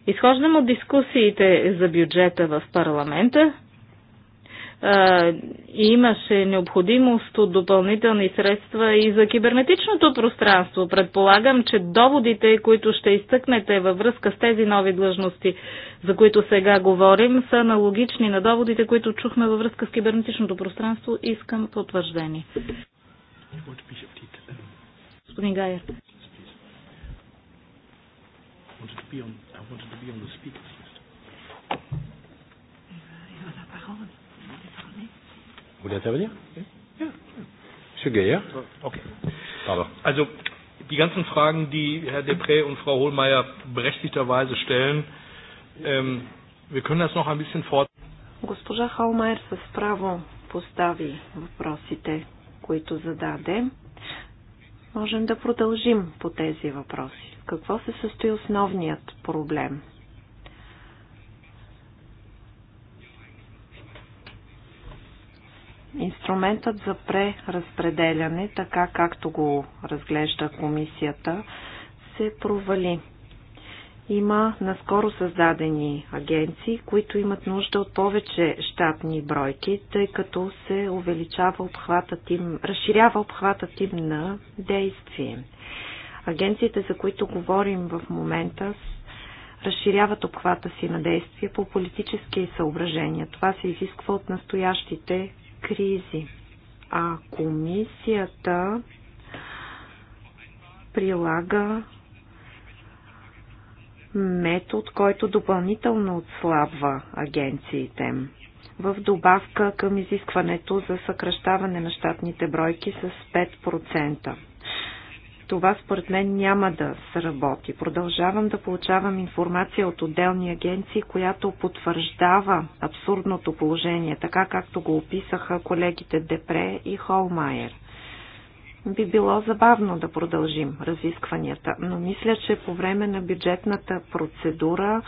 Изхождам от дискусиите за бюджета в парламента имаше необходимост от допълнителни средства и за кибернетичното пространство. Предполагам, че доводите, които ще изтъкнете във връзка с тези нови длъжности, за които сега говорим, са аналогични на доводите, които чухме във връзка с кибернетичното пространство. Искам потвърждение. Господин Гайер. I wanted to be on the speaker. Vous voulez intervenir Monsieur Geyer Okay. Pardon. Also die ganzen Fragen, die Herr Depré und Frau Hohlmeier berechtigterweise stellen, ähm, wir können das noch ein bisschen fort. Госпожа Хаумайер с право постави въпросите, които зададе. Можем да продължим по тези въпроси. Какво се състои основният проблем? Инструментът за преразпределяне, така както го разглежда комисията, се провали. Има наскоро създадени агенции, които имат нужда от повече щатни бройки, тъй като се увеличава обхватът им, разширява обхватът им на действие. Агенциите, за които говорим в момента, разширяват обхвата си на действие по политически съображения. Това се изисква от настоящите кризи. А комисията прилага метод, който допълнително отслабва агенциите в добавка към изискването за съкръщаване на щатните бройки с 5% това според мен няма да сработи. Продължавам да получавам информация от отделни агенции, която потвърждава абсурдното положение, така както го описаха колегите Депре и Холмайер. Би било забавно да продължим разискванията, но мисля, че по време на бюджетната процедура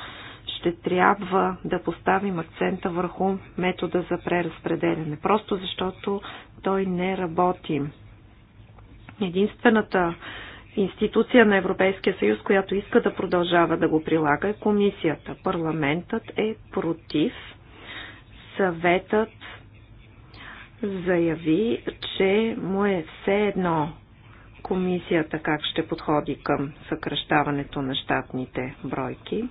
ще трябва да поставим акцента върху метода за преразпределяне, просто защото той не работи. Единствената институция на Европейския съюз, която иска да продължава да го прилага е комисията. Парламентът е против. Съветът заяви, че му е все едно комисията как ще подходи към съкръщаването на щатните бройки.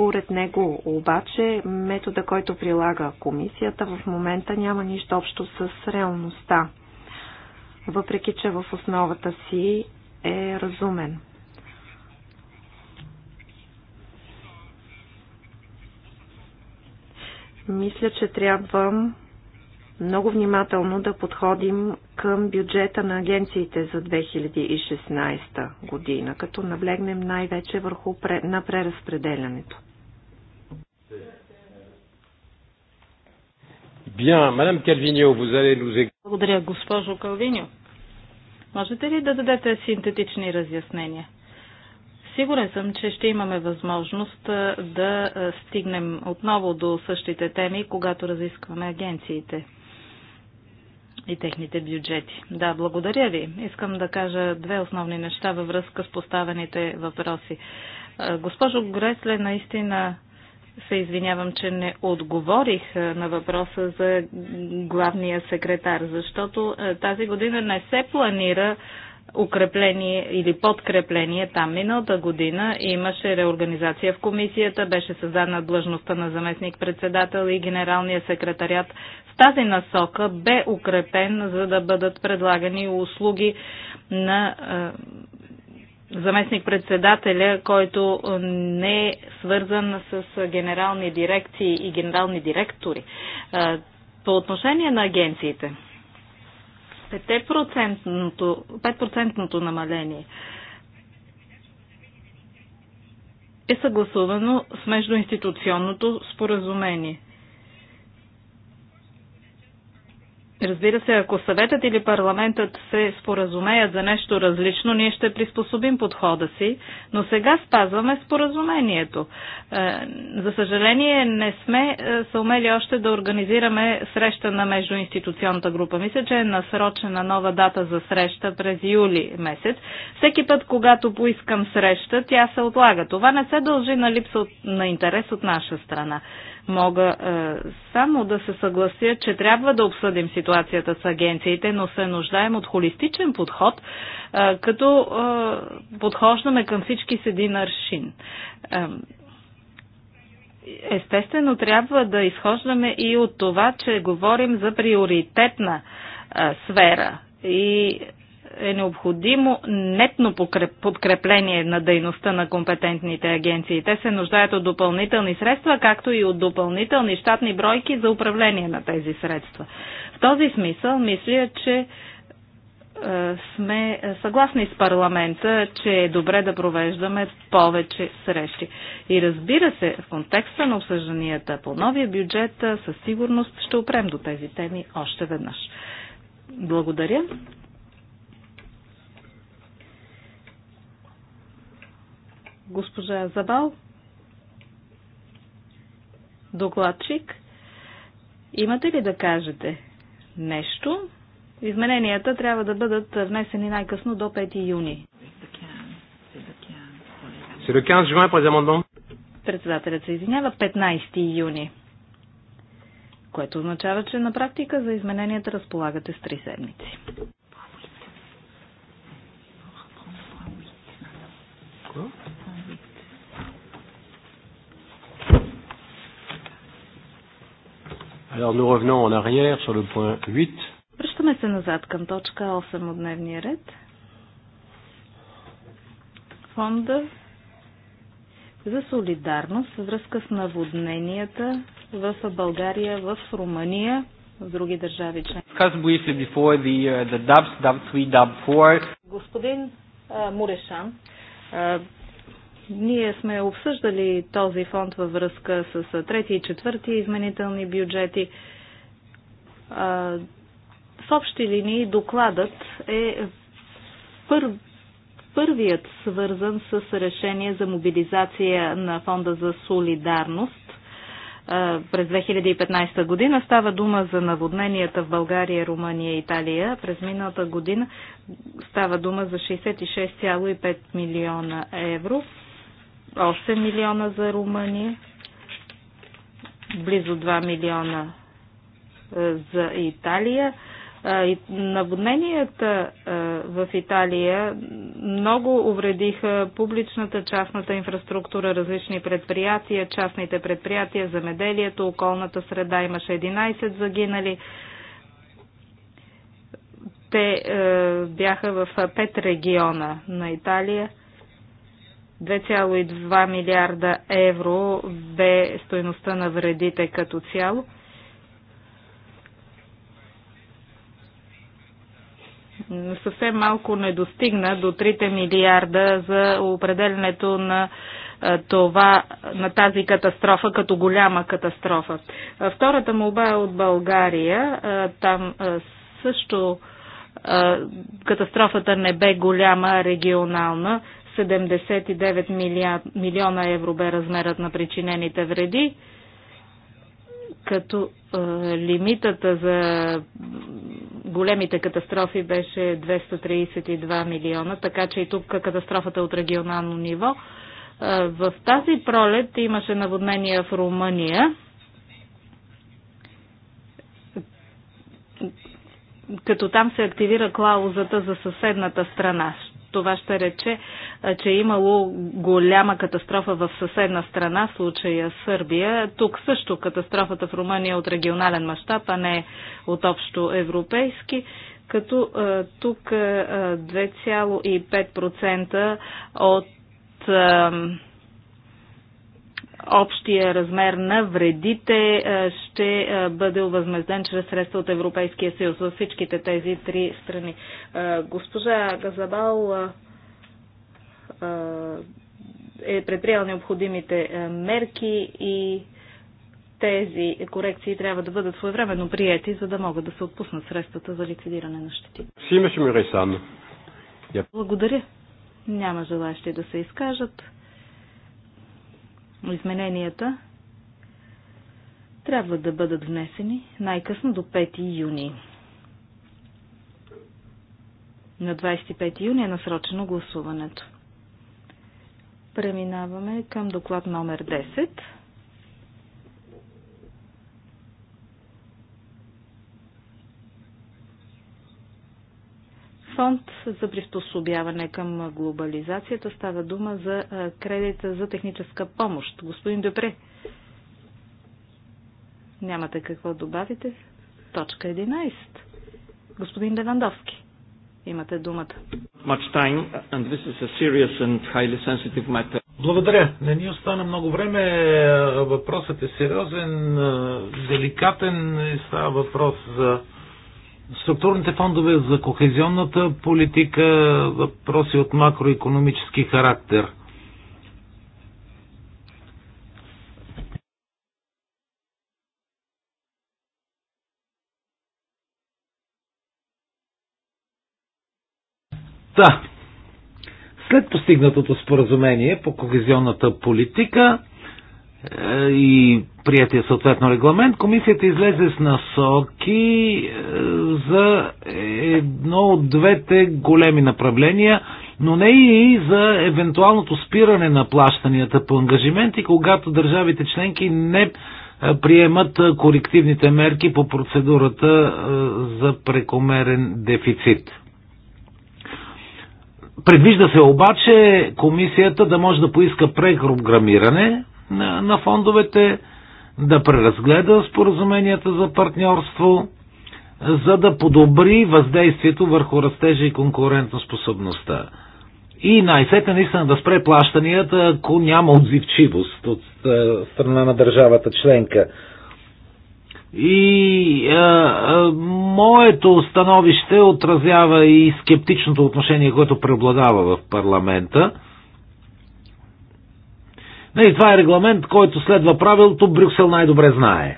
Според него обаче метода, който прилага комисията в момента няма нищо общо с реалността, въпреки че в основата си е разумен. Мисля, че трябва много внимателно да подходим към бюджета на агенциите за 2016 година, като наблегнем най-вече върху на преразпределянето. Bien, Madame Calvino, vous allez nous... Благодаря, госпожо Калвиньо. Можете ли да дадете синтетични разяснения? Сигурен съм, че ще имаме възможност да стигнем отново до същите теми, когато разискваме агенциите и техните бюджети. Да, благодаря ви. Искам да кажа две основни неща във връзка с поставените въпроси. Госпожо Гресле, наистина се извинявам, че не отговорих на въпроса за главния секретар, защото тази година не се планира укрепление или подкрепление там. Миналата година имаше реорганизация в комисията, беше създадена длъжността на заместник-председател и генералния секретарят тази насока бе укрепен, за да бъдат предлагани услуги на заместник-председателя, който не е свързан с генерални дирекции и генерални директори. По отношение на агенциите, 5%, 5% намаление е съгласувано с междуинституционното споразумение. Разбира се, ако съветът или парламентът се споразумеят за нещо различно, ние ще приспособим подхода си, но сега спазваме споразумението. Е, за съжаление, не сме е, съумели умели още да организираме среща на междуинституционната група. Мисля, че е насрочена нова дата за среща през юли месец. Всеки път, когато поискам среща, тя се отлага. Това не се дължи на липса на интерес от наша страна. Мога е, само да се съглася, че трябва да обсъдим ситуацията с агенциите, но се нуждаем от холистичен подход, е, като е, подхождаме към всички с един аршин. Е, естествено трябва да изхождаме и от това, че говорим за приоритетна е, сфера и е необходимо нетно подкрепление на дейността на компетентните агенции. Те се нуждаят от допълнителни средства, както и от допълнителни щатни бройки за управление на тези средства. В този смисъл, мисля, че е, сме съгласни с парламента, че е добре да провеждаме повече срещи. И разбира се, в контекста на обсъжданията по новия бюджет със сигурност ще опрем до тези теми още веднъж. Благодаря. Госпожа Забал, докладчик, имате ли да кажете нещо? Измененията трябва да бъдат внесени най-късно до 5 юни. Председателят се извинява 15 юни, което означава, че на практика за измененията разполагате с 3 седмици. Cool. Alors nous revenons en arrière sur le point 8. Връщаме се назад към точка 8 от дневния ред. Фонда за солидарност във връзка с наводненията в България, в Румъния, в други държави член. Uh, Господин Мурешан ние сме обсъждали този фонд във връзка с трети и четвърти изменителни бюджети. С общи линии докладът е пър... първият свързан с решение за мобилизация на фонда за солидарност през 2015 година. Става дума за наводненията в България, Румъния и Италия. През миналата година става дума за 66,5 милиона евро. 8 милиона за Румъния, близо 2 милиона е, за Италия. Наводненията е, в Италия много увредиха публичната, частната инфраструктура, различни предприятия, частните предприятия, замеделието, околната среда. Имаше 11 загинали. Те е, бяха в пет региона на Италия. 2,2 милиарда евро бе стоеността на вредите като цяло. Съвсем малко не достигна до 3 милиарда за определенето на това, на тази катастрофа като голяма катастрофа. Втората молба е от България. Там също катастрофата не бе голяма регионална. 79 милиона евро бе размерът на причинените вреди, като е, лимитата за големите катастрофи беше 232 милиона, така че и тук катастрофата е от регионално ниво. Е, в тази пролет имаше наводнения в Румъния. като там се активира клаузата за съседната страна. Това ще рече че е имало голяма катастрофа в съседна страна, в случая Сърбия. Тук също катастрофата в Румъния е от регионален мащаб, а не от общо европейски като тук 2,5% от а, общия размер на вредите а, ще а, бъде възмезден чрез средства от Европейския съюз във всичките тези три страни. А, госпожа Газабал а, е предприял необходимите е, мерки и тези корекции трябва да бъдат своевременно приети, за да могат да се отпуснат средствата за ликвидиране на щети. Благодаря. Няма желащи да се изкажат. Измененията трябва да бъдат внесени най-късно до 5 юни. На 25 юни е насрочено гласуването. Преминаваме към доклад номер 10. фонд за приспособяване към глобализацията става дума за кредита за техническа помощ. Господин Добре, нямате какво добавите? Точка 11. Господин Левандовски. Имате думата. Благодаря. Не ни остана много време. Въпросът е сериозен, деликатен. Става въпрос за структурните фондове, за кохезионната политика, въпроси от макроекономически характер – Та, след постигнатото споразумение по когезионната политика е, и приятия съответно регламент, комисията излезе с насоки е, за едно от двете големи направления, но не и за евентуалното спиране на плащанията по ангажименти, когато държавите членки не е, приемат корективните мерки по процедурата за прекомерен дефицит. Предвижда се обаче комисията да може да поиска препрограмиране на, на фондовете, да преразгледа споразуменията за партньорство, за да подобри въздействието върху растежа и конкурентоспособността. И най-сетне наистина да спре плащанията, ако няма отзивчивост от е, страна на държавата членка и а, е, а, е, моето становище отразява и скептичното отношение, което преобладава в парламента. Не нали, това е регламент, който следва правилото Брюксел най-добре знае.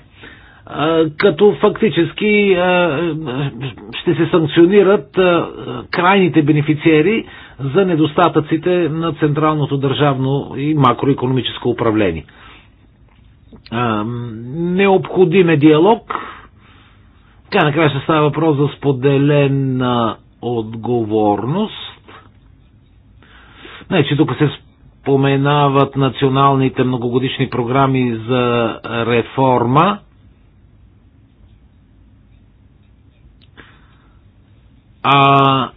А, е, като фактически а, ще се санкционират а, крайните бенефициери за недостатъците на централното държавно и макроекономическо управление. Необходим е диалог. Така накрая ще става въпрос за споделена отговорност. Не, значи, че тук се споменават националните многогодишни програми за реформа. А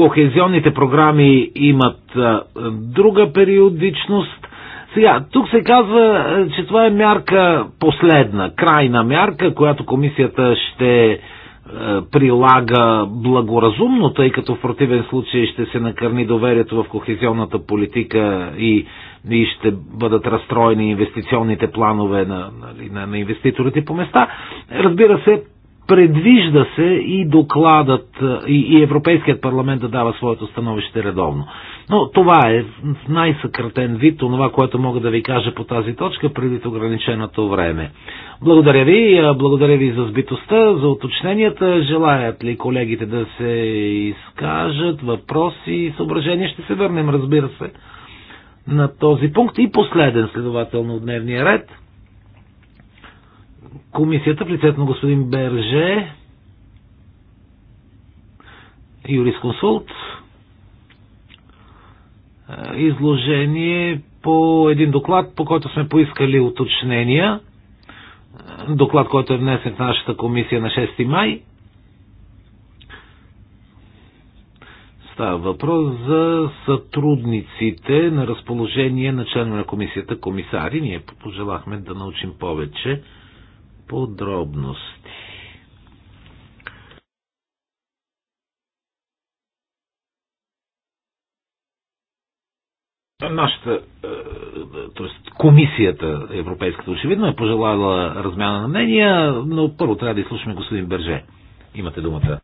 Кохезионните програми имат друга периодичност. Сега, тук се казва, че това е мярка последна, крайна мярка, която комисията ще прилага благоразумно, тъй като в противен случай ще се накърни доверието в кохезионната политика и, и ще бъдат разстроени инвестиционните планове на, нали, на, на инвеститорите по места. Разбира се, Предвижда се и докладът, е, и Европейският парламент да дава своето становище редовно. Но това е в най-съкратен вид това, което мога да ви кажа по тази точка преди ограниченото време. Благодаря ви, е, благодаря ви за сбитостта, за уточненията. Желаят ли колегите да се изкажат, въпроси и съображения? Ще се върнем, разбира се, на този пункт. И последен, следователно, дневния ред – комисията в лицето на господин Берже, юрисконсулт, е, изложение по един доклад, по който сме поискали уточнения. Е, доклад, който е внесен в нашата комисия на 6 май. Става въпрос за сътрудниците на разположение на членове на комисията комисари. Ние пожелахме да научим повече подробности. Нашата, е, т.е. комисията европейската очевидно е пожелала размяна на мнения, но първо трябва да изслушаме господин Берже. Имате думата.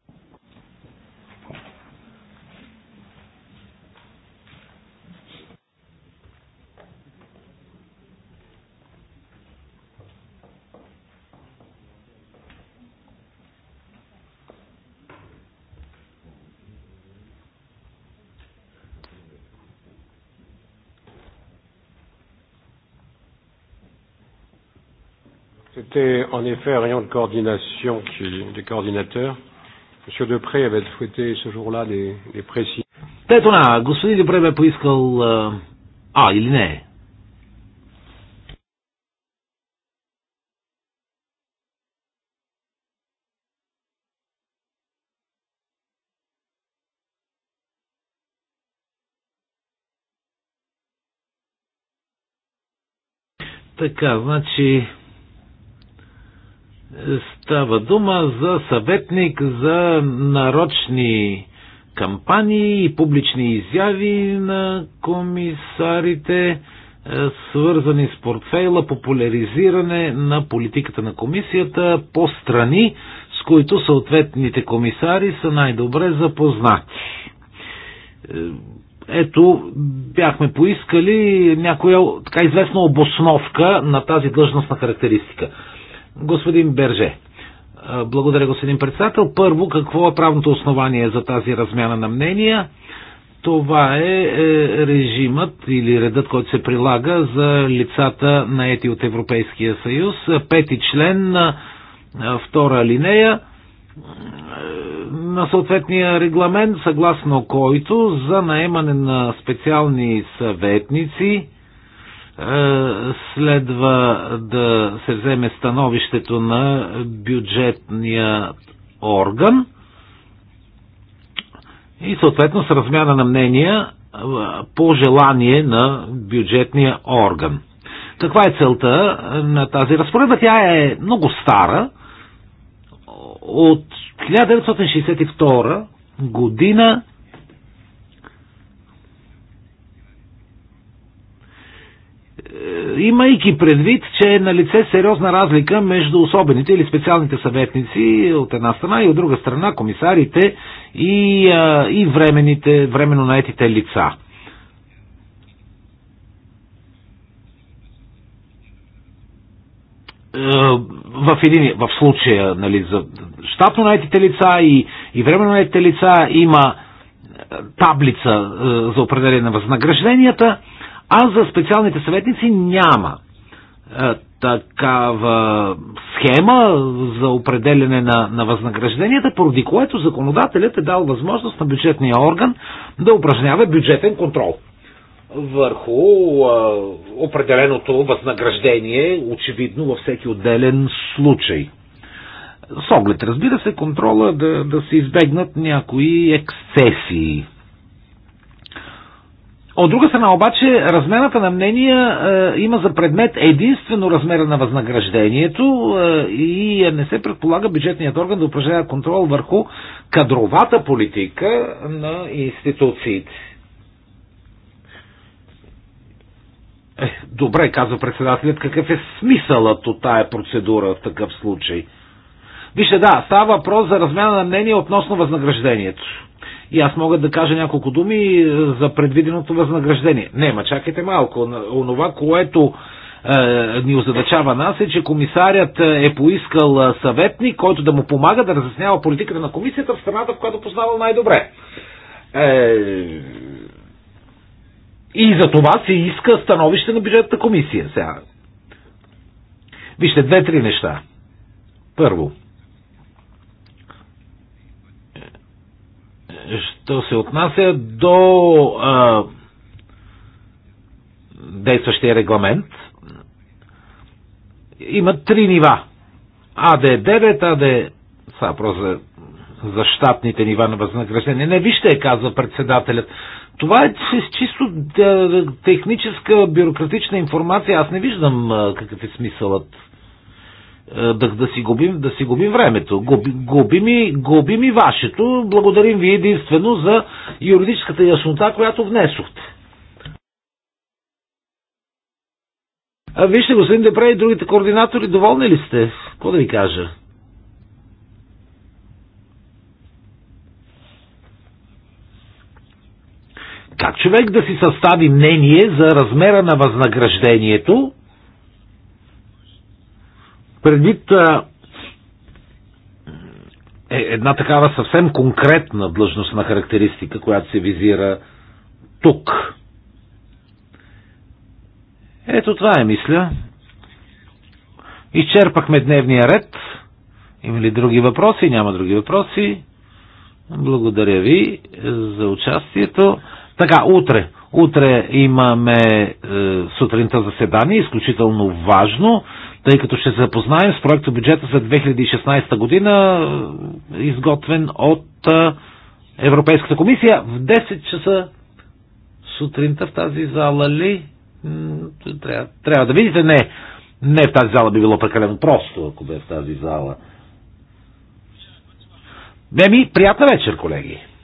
C'était en effet un rayon de coordination qui, des coordinateurs. Monsieur Depré avait souhaité ce jour-là les, les précisions. Ето на, господин Депре бе поискал... А, или не? Така, значи... Става дума за съветник за нарочни кампании и публични изяви на комисарите, е, свързани с портфейла, популяризиране на политиката на комисията по страни, с които съответните комисари са най-добре запознати. Е, ето, бяхме поискали някоя така известна обосновка на тази длъжностна характеристика. Господин Берже. Благодаря, господин председател. Първо, какво е правното основание за тази размяна на мнения? Това е, е режимът или редът, който се прилага за лицата наети от Европейския съюз. Пети член на втора линея на съответния регламент, съгласно който за наемане на специални съветници е, следва да се вземе становището на бюджетния орган и съответно с размяна на мнения е, по желание на бюджетния орган. Каква е целта е, на тази разпоредба? Тя е много стара. От 1962 година имайки предвид, че е на лице сериозна разлика между особените или специалните съветници от една страна и от друга страна комисарите и, а, и времените, временно наетите лица. Е, в, един, в случая нали, за щатно наетите лица и, и временно наетите лица има е, таблица е, за определение на възнагражденията. А за специалните съветници няма е, такава схема за определене на, на възнагражденията, поради което законодателят е дал възможност на бюджетния орган да упражнява бюджетен контрол върху а, е, определеното възнаграждение, очевидно във всеки отделен случай. С оглед, разбира се, контрола да, да се избегнат някои ексцесии. От друга страна обаче, размената на мнения е, има за предмет единствено размера на възнаграждението е, и не се предполага бюджетният орган да упражнява контрол върху кадровата политика на институциите. Е, добре, казва председателят, какъв е смисълът от тая процедура в такъв случай? Вижте, да, става въпрос за размяна на мнение относно възнаграждението и аз мога да кажа няколко думи е, за предвиденото възнаграждение. Не, ма чакайте малко. Онова, което е, ни озадачава нас е, че комисарят е, е поискал съветник, който да му помага да разяснява политиката на комисията в страната, в която познава най-добре. Е... И за това се иска становище на бюджетната комисия сега. Вижте, две-три неща. Първо, Що се отнася до а, действащия регламент, има три нива. АД9, АД... Са, е просто за, за щатните нива на възнаграждение. Не, вижте, казва председателят. Това е чисто техническа, бюрократична информация. Аз не виждам какъв е смисълът е, да, да, си, губим, да си губим времето. Губи, губим, и, губим и вашето. Благодарим ви единствено за юридическата яснота, която внесохте. А вижте, господин Депре и другите координатори, доволни ли сте? Какво да ви кажа? Как човек да си състави мнение за размера на възнаграждението, Предвид е една такава съвсем конкретна длъжностна характеристика, която се визира тук. Ето това е, мисля. Изчерпахме дневния ред. Има ли други въпроси? Няма други въпроси. Благодаря ви за участието. Така, утре. Утре имаме е, сутринта заседание, изключително важно тъй като ще се запознаем с проекта бюджета за 2016 година, изготвен от Европейската комисия в 10 часа сутринта в тази зала ли? Трябва, трябва да видите. Не, не в тази зала би било прекалено просто, ако бе в тази зала. Еми, приятна вечер, колеги!